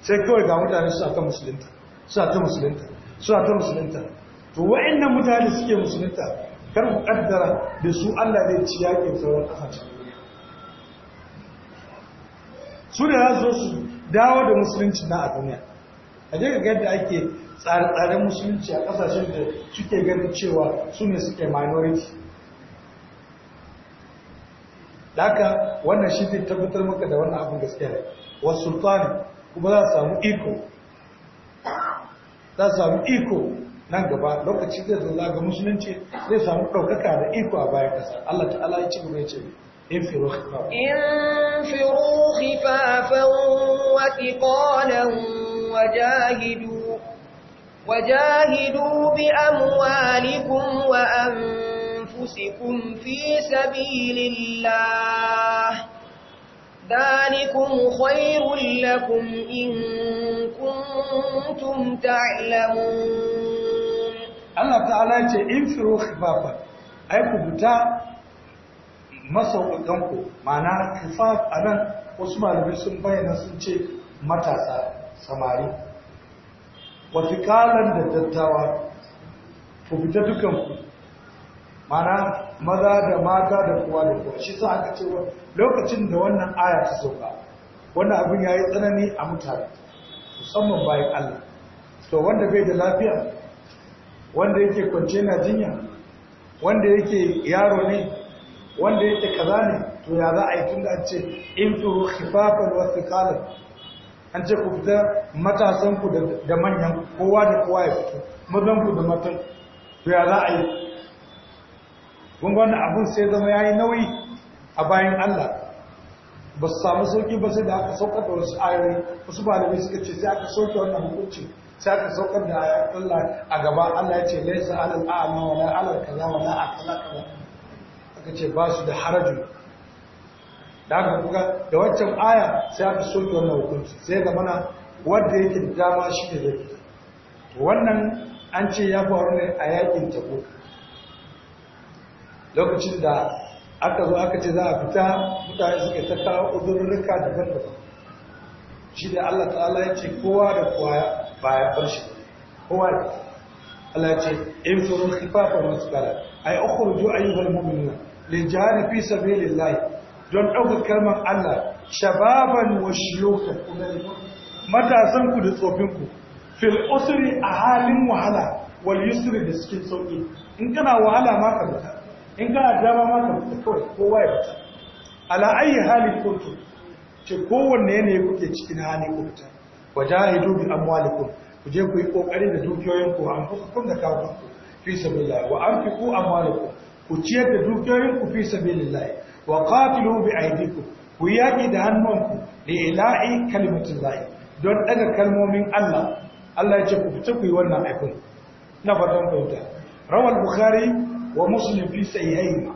sai kawai ga mutane suna aka musulunta suna aka musulunta suna aka musulunta to wa'annan mutane suke musulunta kar ku kaddara da su Allah zai ci yaƙin sauran kafata su da za su su dawo da musulunci na a duniya a je ga yadda ake tsare-tsaren musulunci a kasashen da suke gani cewa su ne suke minority da wannan shi ne tabbatar maka da wannan abin gaskiya wasu sultani kuma za samu iko za samu iko nan gaba lokaci zai zo ga musulunci zai samu ɗaukaka da iko a bayan ƙasa Allah ta'ala ya ci gaba ya ce in خفافا انفروا خفافا wajahidu fi ذلكم خير لكم إن كنتم تعلمون الله تعالى ينفروا خفافا أي كبتا masauƙanku mana kifaf a nan wasu malamai sun bayyana sun ce matasa samari wafi kalan da dattawa ku fita dukanku mana maza da mata da kuwa da kuwa shi sa aka ce lokacin da wannan aya ta sauka wannan abin ya yi tsanani a mutane musamman bayan Allah to wanda bai da lafiya wanda yake kwance na jinya wanda yake yaro ne wanda yake kaza ne to ya za a yi tun da an ce in turu khifafan wasu kalan, an ce ku fita matasan ku da manyan kowa da kowa ya fito mazan ku da matan to ya za a yi gungon abin sai zama ya yi nauyi a bayan Allah ba su samu sauki ba sai da aka saukar da wasu ayoyi wasu bai suka ce sai aka sauke wannan hukunci sai aka saukar da Allah a gaba Allah ya ce laisa alal a'ma wala alal kaza wala akala kaza aka ce ba su da haraju da aka kuga da waccan aya sai aka soke wannan hukunci sai ga na wanda yake dama shi ne zai wannan an ce ya faru ne a yakin tabuka lokacin da aka zo aka ce za a fita mutane suka ta kawo uzurrika da daban shi da Allah ta'ala ya ce kowa da kowa ba ya bar shi kowa da Allah ya ce in furu khifafan wasu kala ay ukhruju ayyuhal mu'minuna lil jihadi fi sabilillah don ɗaukar kalmar Allah shababan wa shuyukha matasan ku da tsofin ku fil usri a halin wahala wal yusri da cikin sauki in kana wahala ma ka in kana dama ma ka kawai kawai kowa ya fita ala ayi hali kuntum ce kowanne yanayi kuke cikin hali ko fita wajahidu dubi amwalikum ku je ku yi kokari da dukiyoyin ku an fuka kun da kawo ku fi sabilillah wa anfiqu amwalakum ku ciyar da dukiyoyin ku fi sabilillah wa qatilu bi aydikum ku yaƙi da hannunku da ila'i kalimatin layi don ɗaga kalmomin Allah Allah ya ce ku fita ku yi wannan aikin na fatan fahimta rawar Bukhari wa muslim fi sahihain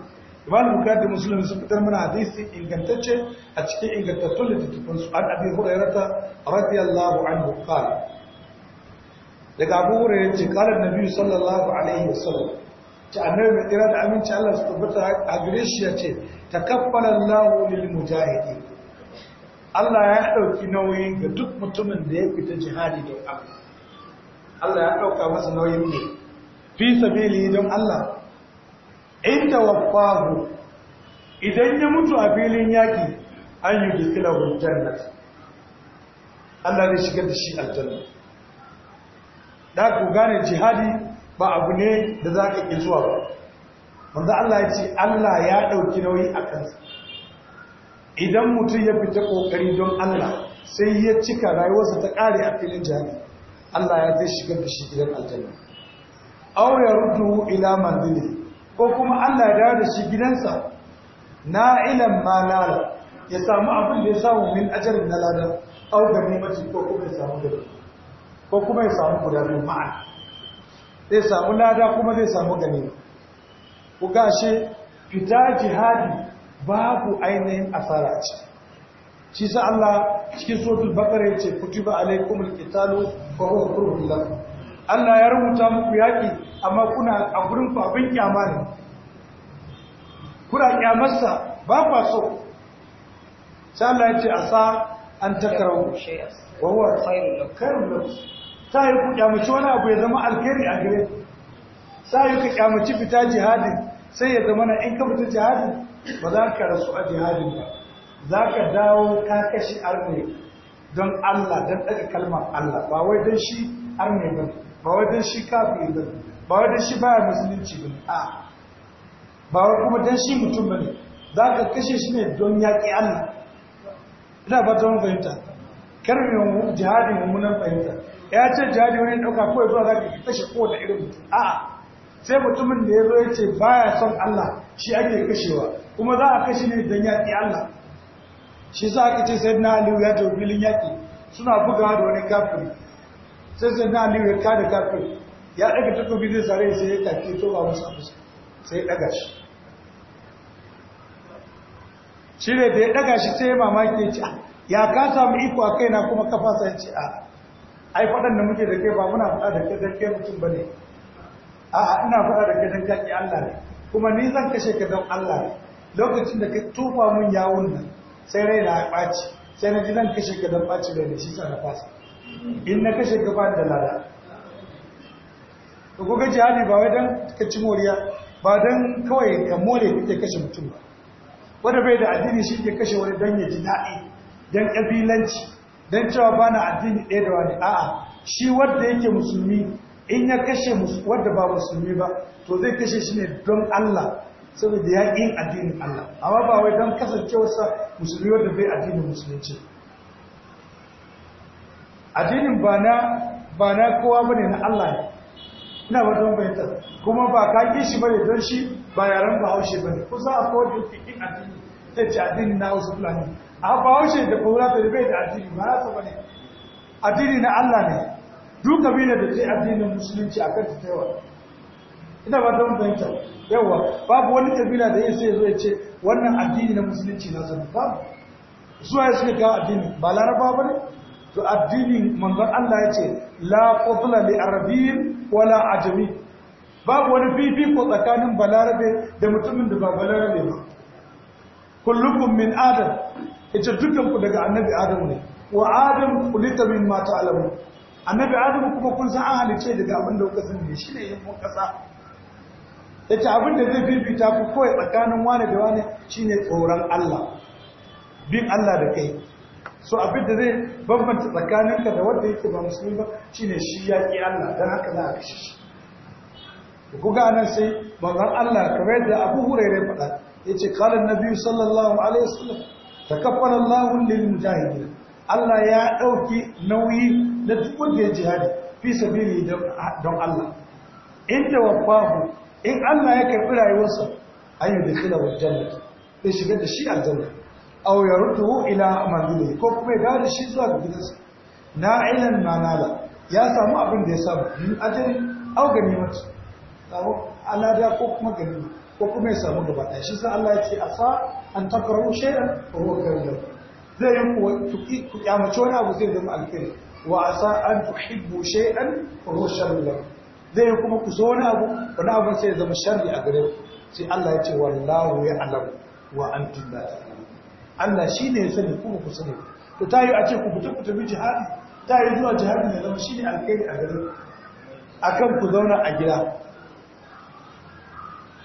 imam bukhari muslim sun fitar mana hadisi ingantacce a cikin ingantattun littattafan su an abi hurairata radiyallahu anhu qala daga abu hurairah ce qala Nabi sallallahu alaihi wasallam ta annabi kira da aminci Allah su tabbata a gare shi ya ce takaffala Allahu lil mujahidin Allah ya dauki nauyin ga duk mutumin da ya fita jihadi don Allah Allah ya dauka masa nauyin ne fi sabili don Allah inda wafahu idan ya mutu a filin yaki, an yi dukkan hujjar nata Allah ne shigar da shi aljanna da ku gane jihadi ba abu ne da za ka ƙi zuwa ba wanda Allah ya ce Allah ya ɗauki nauyi a kansa idan mutum ya fita ƙoƙari don Allah sai ya cika rayuwarsa ta ƙare a filin jihadi Allah ya zai shigar da shi gidan aljanna aure rudu ila manzili ko kuma Allah ya dawo da shi gidansa na'ilan ma nala ya samu abin da ya samu min ajarin na lada, au da mace ko kuma ya samu gari ko kuma ya samu guda biyu zai samu lada kuma zai samu gani ku gashe fita jihadi babu ainihin asara ce shi sa Allah cikin suratul bakar yace kutuba alaikumul kitalu ko ku Allah ya rubuta muku yaki amma kuna a gurin ku kyama ne kuna kyamarsa ba kwa so sai Allah ya ce asa an da wa da khairun ta yi ku kyamaci wani abu ya zama alkhairi a gare sa yi ku kyamaci fita jihadin sai ya zama na in ka fita jihadin ba za ka rasu a jihadin ba za ka dawo ka kashi arne don Allah don ɗaga kalmar Allah ba wai don shi arne ba ba wai don shi kafin ba ba wadda shi baya musulunci ba a ba wani kuma don shi mutum ba ne za ka kashe shi ne don yaƙi allah ina ba ta wani fahimta karfin jihadin mummunan fahimta ya ce jihadin wani ɗauka kawai zuwa za ka kashe kowane irin mutum a sai mutumin da ya zo ya ce ba ya son allah shi ake kashewa kuma za a kashe ne don yaƙi allah shi za a kace sai na aliyu ya tafi filin yaƙi suna bugawa da wani kafin sai sai na aliyu ya kada kafin ya ɗaga takobi zai sare sai ya tafi to ba musu fuska sai ya daga shi shi ne da ya daga shi sai ya mamaki ya a, ah, ya ka samu iko a kaina kuma kafa sai ci a ah, ai faɗan da muke da ke ba muna faɗa da ke don ke mutum ba ne a'a ina faɗa da ke don kaki Allah ne kuma ni zan kashe ka don Allah ne lokacin da ka tufa mun yawon nan sai rai na ɓaci sai na ji zan kashe ka don ɓaci rai ne, shi sa na fasa in na kashe ka ba da lada da kuka jihadi ba wai don ka moriya ba don kawai ka more kake kashe mutum ba Wadda bai da addini shi ke kashe wani don ya ji daɗi don ƙabilanci don cewa ba na addini ɗaya da wani a'a shi wadda yake musulmi in ya kashe wadda ba musulmi ba to zai kashe shi ne don Allah saboda ya ƙin addinin Allah amma ba wai don kasancewarsa musulmi wadda bai addinin musulunci addinin ba na kowa bane na Allah ne ina ba don bayyanta kuma ba ka ki shi bane don shi ba yaren bahaushe bane kusa a kowace cikin addini ta ce addini na wasu fulani a bahaushe da kura ta bai da addini ba za saba ne addini na Allah ne duk kabila da ce addinin musulunci a kan ta ina ba don bayyanta yawa babu wani kabila da yake sai zo ya ce wannan addini na musulunci na sani ba zuwa ya suka kawo addini ba laraba ba ne to addinin manzon Allah ya ce la kotuna li arabiyyin wala ajami babu wani fifiko tsakanin balarabe da mutumin da ba balarabe ba kullukun min adam ita dukan daga annabi adam ne wa adam kulita min ma ta'lamu annabi adam kuma kun san an halice daga abin da kuka sani shi ne yin mun kasa yace abin da zai fifita ku kawai tsakanin wani da wani shine tsoron Allah bin Allah da kai so abin da zai bambanta tsakaninka da wanda yake ba musulmi ba shi ne shi ya ƙi Allah don haka za a kashe shi ku ga sai manzon Allah kamar da Abu Hurairah ya faɗa yace qala an-nabi sallallahu alaihi wasallam takaffara Allahu lil mujahidin Allah ya dauki nauyi na duk wanda ya jihadi fi sabili don Allah in wafahu in Allah ya karbi rayuwarsa ayyuka dakhilahu al sai shiga da shi aljanna aw yarduhu ila manzilihi ko kuma ya da shi zuwa gidansa na'ilan manala ya samu abin da ya samu min ajali aw ganimati ko alada ko kuma ganima ko kuma ya samu gaba ɗaya shi sa Allah ya ce asa an takrahu shay'an wa huwa khairun lakum zai yi kuwa tuki ku kyamace wani abu zai zama alkhairi wa asa an tuhibbu shay'an wa huwa sharrun lakum zai yi kuma ku so wani abu wani abu sai ya zama sharri a gare ku sai Allah ya ce wallahu ya'lamu wa antum la ta'lamun Allah shi ne ya sani kuma ku sani to ta yi a ce ku fita ku tafi jihadi ta yi zuwa jihadi ne zama shi ne alkhairi a A kan ku zauna a gida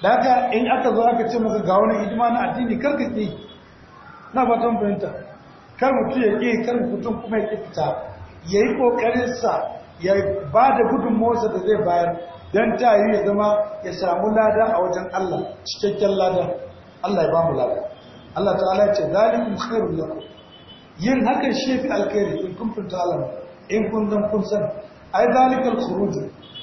da haka in aka zo aka ce maka ga wani hidima na addini kar ka na fatan fahimta kar mutum ya ƙi kar mutum kuma ya ke fita ya yi ƙoƙarinsa ya ba da gudun motsa da zai bayar don ta yi ya zama ya samu lada a wajen Allah cikakken lada Allah ya ba mu lada Allah ta'ala ce zalikum khairul lakum yin hakan shi yafi alkhairi in kun fita alam in kun dan kun san ai zalikal khuruj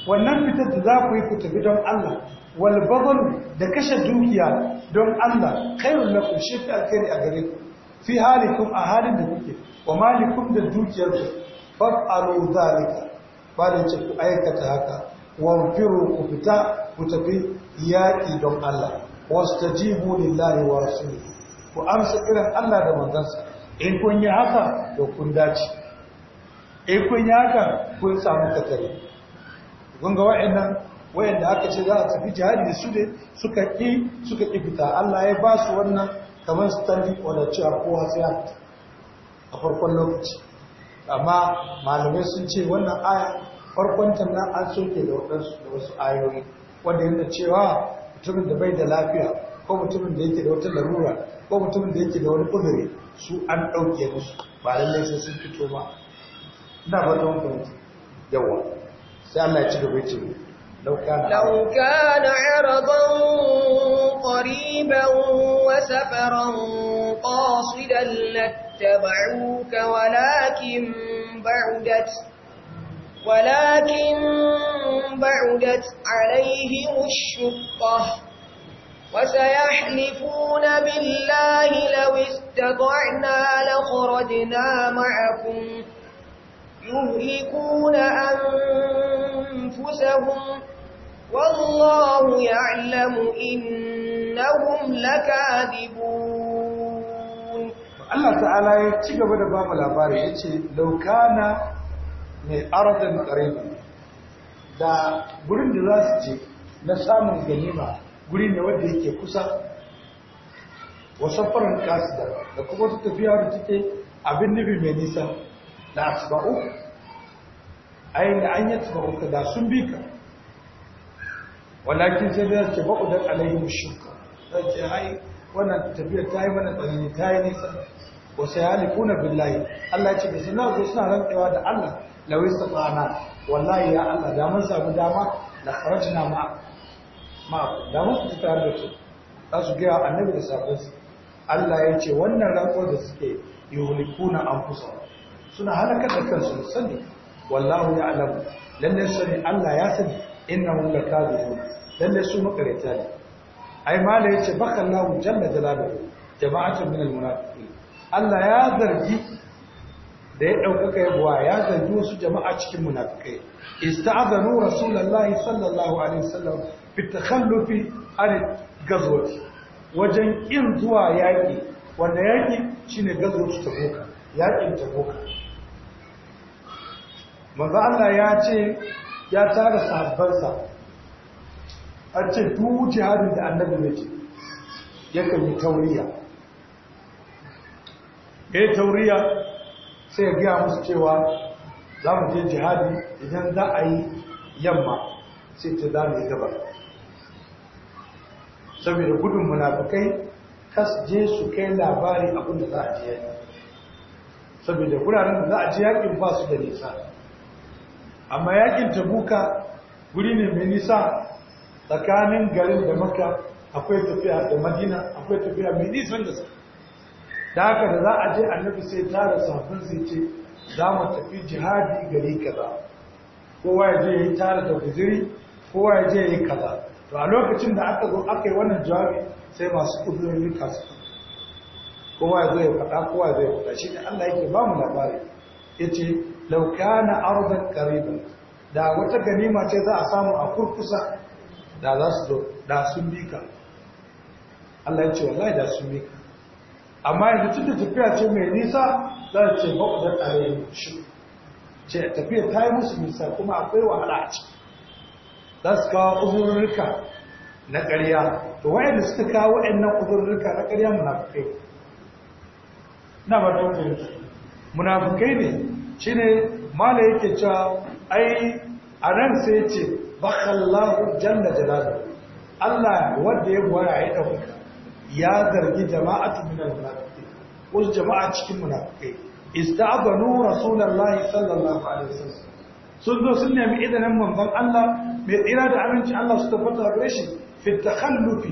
wannan fitar da za ku yi ku tafi don Allah wal badal da kashe dukiya don Allah khairul lakum shi yafi alkhairi a gare ku fi halikum a halin da kuke wa malikum da dukiyar ku fa'alu zalika ba da ce ku aikata haka wanfiru ku fita ku tafi yaƙi don Allah wasu ta jihu lillahi wa rasulihi ku amsa irin Allah da manzansa in kun yi haka to kun dace in kun yi haka kun samu katare kun ga wa'annan wayanda aka ce za a tafi jihadi su ne suka ƙi suka ki fita Allah ya ba su wannan kamar standing order cewa ko hasiya a farkon lokaci amma malamai sun ce wannan aya farkon tanna an soke da waɗansu da wasu ayoyi wanda yana cewa mutumin da bai da lafiya ko mutumin da yake da wata larura ko mutumin da yake da wani uzuri su an ɗauke musu ba lallai sai sun fito ba ina ba don fahimta yawa sai Allah ya ci gaba ya ce لو كان لو كان عرضا قريبا وسفرا قاصدا لاتبعوك ولكن بعدت ولكن بعدت عليهم الشقة وسيحلفون بالله لو استطعنا لخرجنا معكم يهلكون أنفسهم والله يعلم إنهم لكاذبون الله تعالى يتجب لبام الأباري لو كان من أرض قريبا da gurin da za su je na samun ganima guri ne wanda yake kusa wasafarar kasida da kuma ta tafiya da take abin nufi mai nisa da asba'u ayin da an yi asba'u ka da sun bi ka walakin sai da ce ba'u da alayhi mushuka ta ce ai wannan tafiya ta yi mana tsanani ta yi nisa wasu ya halifuna billahi Allah ya ce da suna zo suna rantsewa da Allah lawai sabana wallahi ya Allah da mun samu dama da farajina ma ma da musu tare da su za su gaya annabi da su. Allah ya ce wannan rantsuwar da suke an kusa suna halakar da kansu sani wallahu alamu lalle sani Allah ya sani innahum lakadibun lalle su makarita ne ai mala yace bakallahu jalla jalaluhu jama'atun minal munafiqin Allah ya zargi da ya ɗaukaka yabuwa ya zargi wasu jama'a cikin munafikai ista'adhanu rasulullahi sallallahu alaihi wasallam bitakhallufi ari gazwati wajen kin zuwa yaƙi wanda yaƙi shine boka yaƙin yakin boka. manzo Allah ya ce ya tara sahabbansa an ce duk jihadin da annabi ce yakan yi tauriya eh tauriya sai ya gaya musu cewa za mu je jihadi idan za a yi yamma sai ta za mu gaba saboda gudun munafikai kas je su kai labari abin da za a je saboda wuraren da za a je yakin ba su da nisa amma yaƙin tabuka guri ne mai nisa tsakanin garin da maka akwai tafiya da madina akwai tafiya mai nisan da su da haka da za a je annabi sai tara safin sai ce za mu tafi jihadi gari kaza kowa ya je ya yi tara da guziri kowa ya je ya yi kaza Ba a lokacin da aka zo aka yi wannan jawabi sai masu ƙudurin rika su kowa ya zo faɗa kowa zai faɗa shi ne Allah yake ba mu labari ya ce laukana arzan karibu da wata ganima ce za a samu a kurkusa da za su zo da sun bi ka Allah ya ce wallahi da sun bi ka amma yanzu tun da tafiya ce mai nisa za a ce ba ku da tsare shi ce tafiya ta yi musu nisa kuma akwai wahala a ciki za su kawo uzurrika na ƙarya to da suka kawo wayannan uzurrika na ƙarya munafikai na ba don munafikai ne shi ne mala yake cewa ai a nan sai ce bakhallahu da jalalu Allah wanda ya buwaya ya yi ɗauka, ya zargi jama'atu min al-munafiqin wasu jama'a cikin munafikai ista'banu rasulullahi sallallahu alaihi wasallam sun zo sun nemi idanun manzon Allah mai tsira da aminci Allah su tabbata gare shi fi takhallufi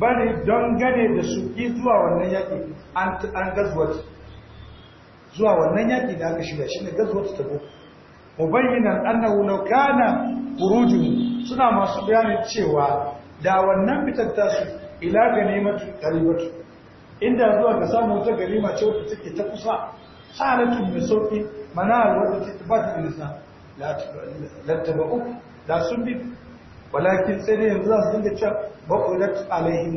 bari don gane da su ki zuwa wannan yaki an gazwat zuwa wannan yaki da aka shiga shine gazwat tabo mubayyinan annahu law kana khurujuhu suna masu bayani cewa da wannan fitar su ila ganimatu galibatu inda zuwa ga samun wata ganima ce wata take ta kusa sanatun mai sauki mana wadda take ba ta nisa uku da sun bi walakin sai ne yanzu za su dinga cewa ba'ulat alaihim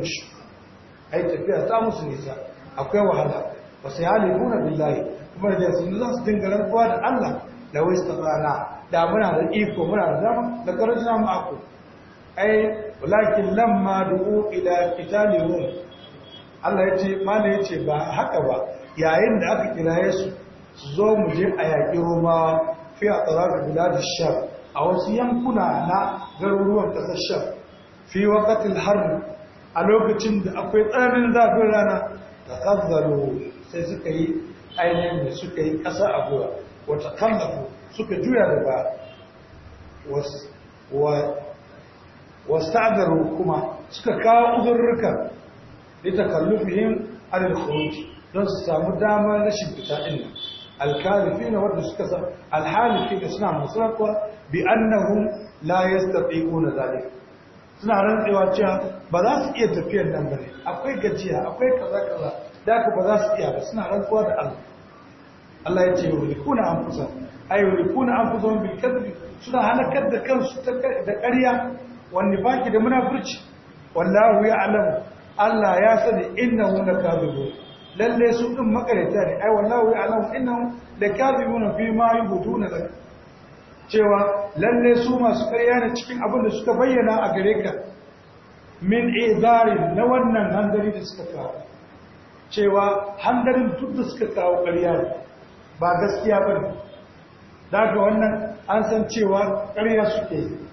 ai tafiya ta musu nisa akwai wahala ba sai halibuna billahi kuma da yanzu za su dinga rantsuwa da Allah da wai su tsana da muna da iko muna da zama da karanta mu ai walakin lamma du'u ila qitalihum Allah yace mala yace ba haka ba yayin da aka kiraye su su zo mu je a yaƙi Romawa fi a tsarar biladi sham a wasu yankuna na garuruwan ƙasar sham fi waƙatil harbi a lokacin da akwai tsananin zafin rana da sai suka yi ainihin da suka yi ƙasa a goya wata kallafu suka juya da ba wasu ta'adaru kuma suka kawo uzurruka ita kallufihim alil khuruj don su samu damar rashin fita ɗin alkalifina wanda suka sa alhalifina suna musulunta bi annahum la yastati'una zalika suna rantsewa cewa ba za su iya tafiyar nan bane akwai gajiya akwai kaza kaza da ba za su iya ba suna rantsuwa da Allah Allah ya ce yulikuna anfusa ay yulikuna anfusahum bil kadhib suna halakar da kansu da karya wani baki da munafurci wallahu ya'lamu Allah ya sani innahu lalle su din makarita ne ai wallahu ya'lamu innahum lakazibuna fi ma yubutuna lak cewa lalle su masu ƙarya ne cikin abin da suka bayyana a gare ka min izarin na wannan hanzari da suka kawo cewa hanzarin duk da suka kawo ƙarya ba gaskiya ba ne daga wannan an san cewa ƙarya suke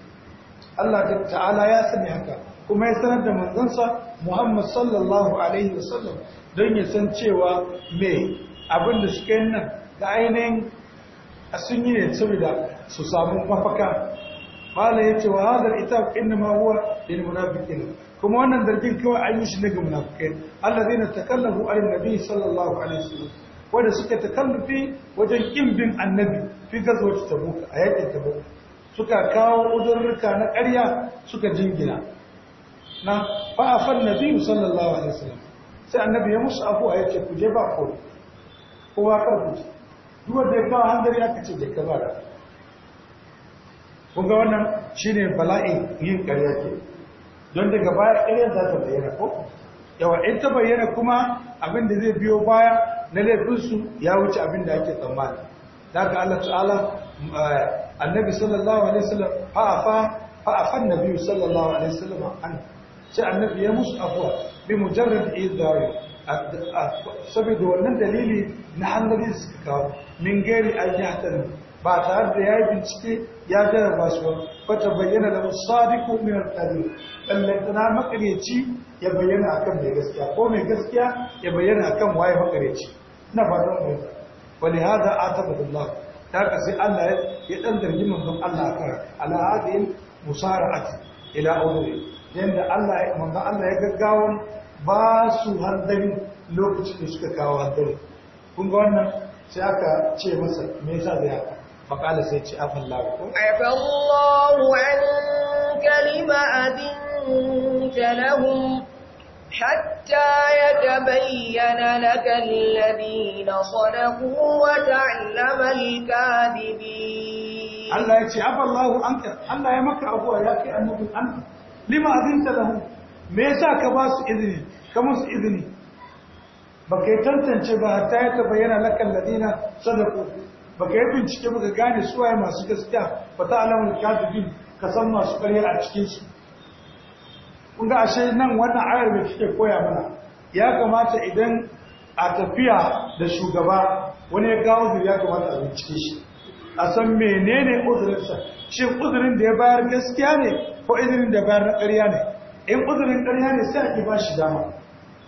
Allah ta'ala ya sani haka kuma ya sanar da manzansa Muhammad sallallahu alaihi wasallam don ya san cewa me abin da suka yi nan da ainihin a sun yi ne saboda su samu mafaka Bala ya ce wa hadar ita inna ma huwa lil munafiqin kuma wannan zargin kawai an yi shi ne ga munafikai na takallafu an nabi sallallahu alaihi wasallam wanda suka takallufi wajen kin bin annabi fi ta tabuk a yakin tabuk suka kawo udurruka na ƙarya suka jingina na fa afan nabi sallallahu alaihi wasallam sai annabi ya musu abuwa a yake kuje ba kawai kowa kar ku ci duk wanda ya kawo hanzari aka ce da ka ba da kun ga wannan shi ne bala'in yin ƙarya ke don daga baya ƙarya za ta bayyana ko yawa in ta bayyana kuma abin da zai biyo baya na laifinsu ya wuce abin da ake tsammani Da ga Allah ta'ala eh, annabi sallallahu alaihi wasallam fa afa fa afa annabi sallallahu alaihi wasallam an sai annabi ya musu afuwa bi mujarrad izari saboda wannan dalili na hannun suka kawo min gari an yi ba tare da ya yi bincike ya gaya masu ba ta bayyana da musadiku min alƙali tana makareci ya bayyana akan mai gaskiya ko mai gaskiya ya bayyana akan waye makareci na ba don mai wani hada a taɓa Allah ta ka sai Allah ya ɗan zargi manzon Allah a kan al'adin musara ila aure yadda Allah ya manzo Allah ya gaggawa ba su hardari lokacin da suka kawo hardari kun ga wannan sai aka ce masa me yasa zai yaka faqala sai ce afan Allah ko afa Allah an kalima a na lahum hatta yatabayyana laka alladhina sadaqu wa ta'lama alkadibi Allah ya ce afa Allah an Allah ya maka abuwa ya kai annabi an lima azinta lahu me yasa ka ba su izini ka musu izini ba tantance ba ta ya bayyana lakal ladina sadaku ba kai bincike ba ka gane suwaye masu gaskiya ba ta alamun kadibin ka san masu ƙarya a cikinsu kun ga ashe nan wannan ayar da kike koya mana ya kamata idan a tafiya da shugaba wani ya kawo uzuri ya kamata a bincike shi a san menene uzurinsa shin uzurin da ya bayar gaskiya ne ko izinin da bayar na ƙarya ne in uzurin ƙarya ne sai a ba shi dama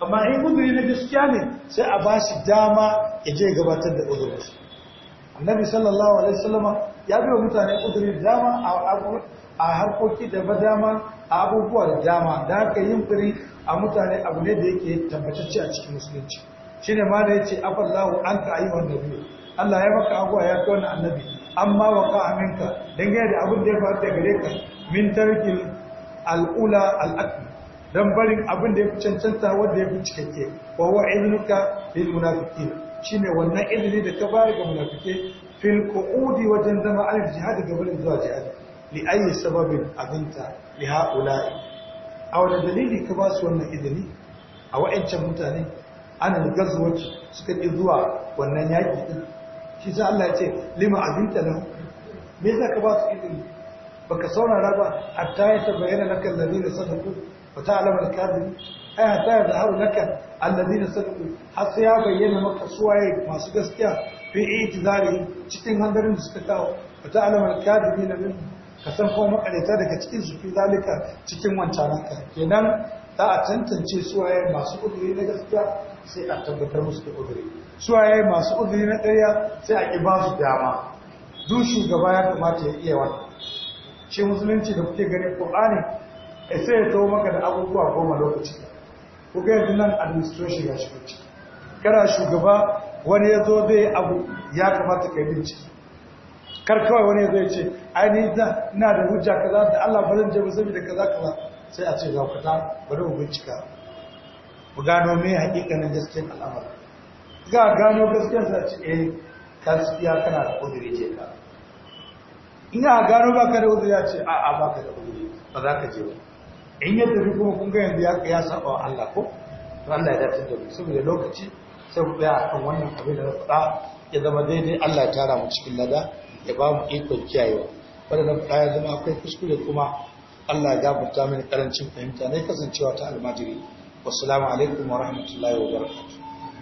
amma in uzuri na gaskiya ne sai a ba shi dama ya je gabatar da uzurinsa annabi sallallahu alaihi wasallama ya biyo mutane uzuri dama a harkoki da ba dama a abubuwa da dama da haka yin firi a mutane abu ne da yake tabbatacce a cikin musulunci shine ma da yace afallahu anka ayyuhan nabiy Allah ya maka abuwa ya kai wannan annabi amma waka aminka dangane da abin da ya faru gare ka min tarikin al'ula al'akbar don barin abin da ya fi cancanta wadda ya fi cikakke wa wa fil munafiki Shi ne wannan ilini da ka bari ga munafiki fil udi wajen zama jihadi ga barin zuwa jihadi li ayi sababin abinta li haula'i a wani dalili ka ba su wannan izini a wa'ancan mutane ana gazuwa suka ƙi zuwa wannan yaƙi shi sa Allah ce lima abinta lahu me yasa ka ba su izini baka saurara ba hatta ya tabayyana laka alladhina wa ai hatta ya zaharu har sai ya bayyana maka suwaye masu gaskiya fi itizari cikin da suka kawo wa ka san kuma makareta daga cikin su fi cikin wancan ranka kenan za a tantance suwaye masu udiri na gaskiya sai a tabbatar musu da udiri suwaye masu udiri na ƙarya sai a ƙi ba su dama duk shugaba ya kamata ya iya wannan shi musulunci da kuke gani a sai ya tawo maka da abubuwa goma lokaci ku ga yanzu nan administration ya shigo ciki kana shugaba wani ya zo zai abu ya kamata ka yi bincike kar kawai wani zai ce ai ni da ina da hujja kaza da Allah ba zan je ba saboda kaza kaza sai a ce ga ku ba bari mu bincika mu gano me hakikanin gaskiyar al'amari ga gano gaskiyar sa ce eh gaskiya kana da kudiri je ka ina gano ba ka da kudiri ya ce a'a ba ka da kudiri ba za ka je ba in yadda duk kuma kun ga yanzu ya ya saba wa Allah ko to Allah ya dace da saboda lokaci sai ku tsaya wannan abin da na faɗa ya zama daidai Allah ya tara mu cikin lada ya ba mu ikon kiyayewa wadannan faɗa ya zama akwai kuskure kuma Allah ya gabata mini ƙarancin fahimta ne kasancewa ta almajiri salamu alaikum wa rahmatullahi wa barakatuh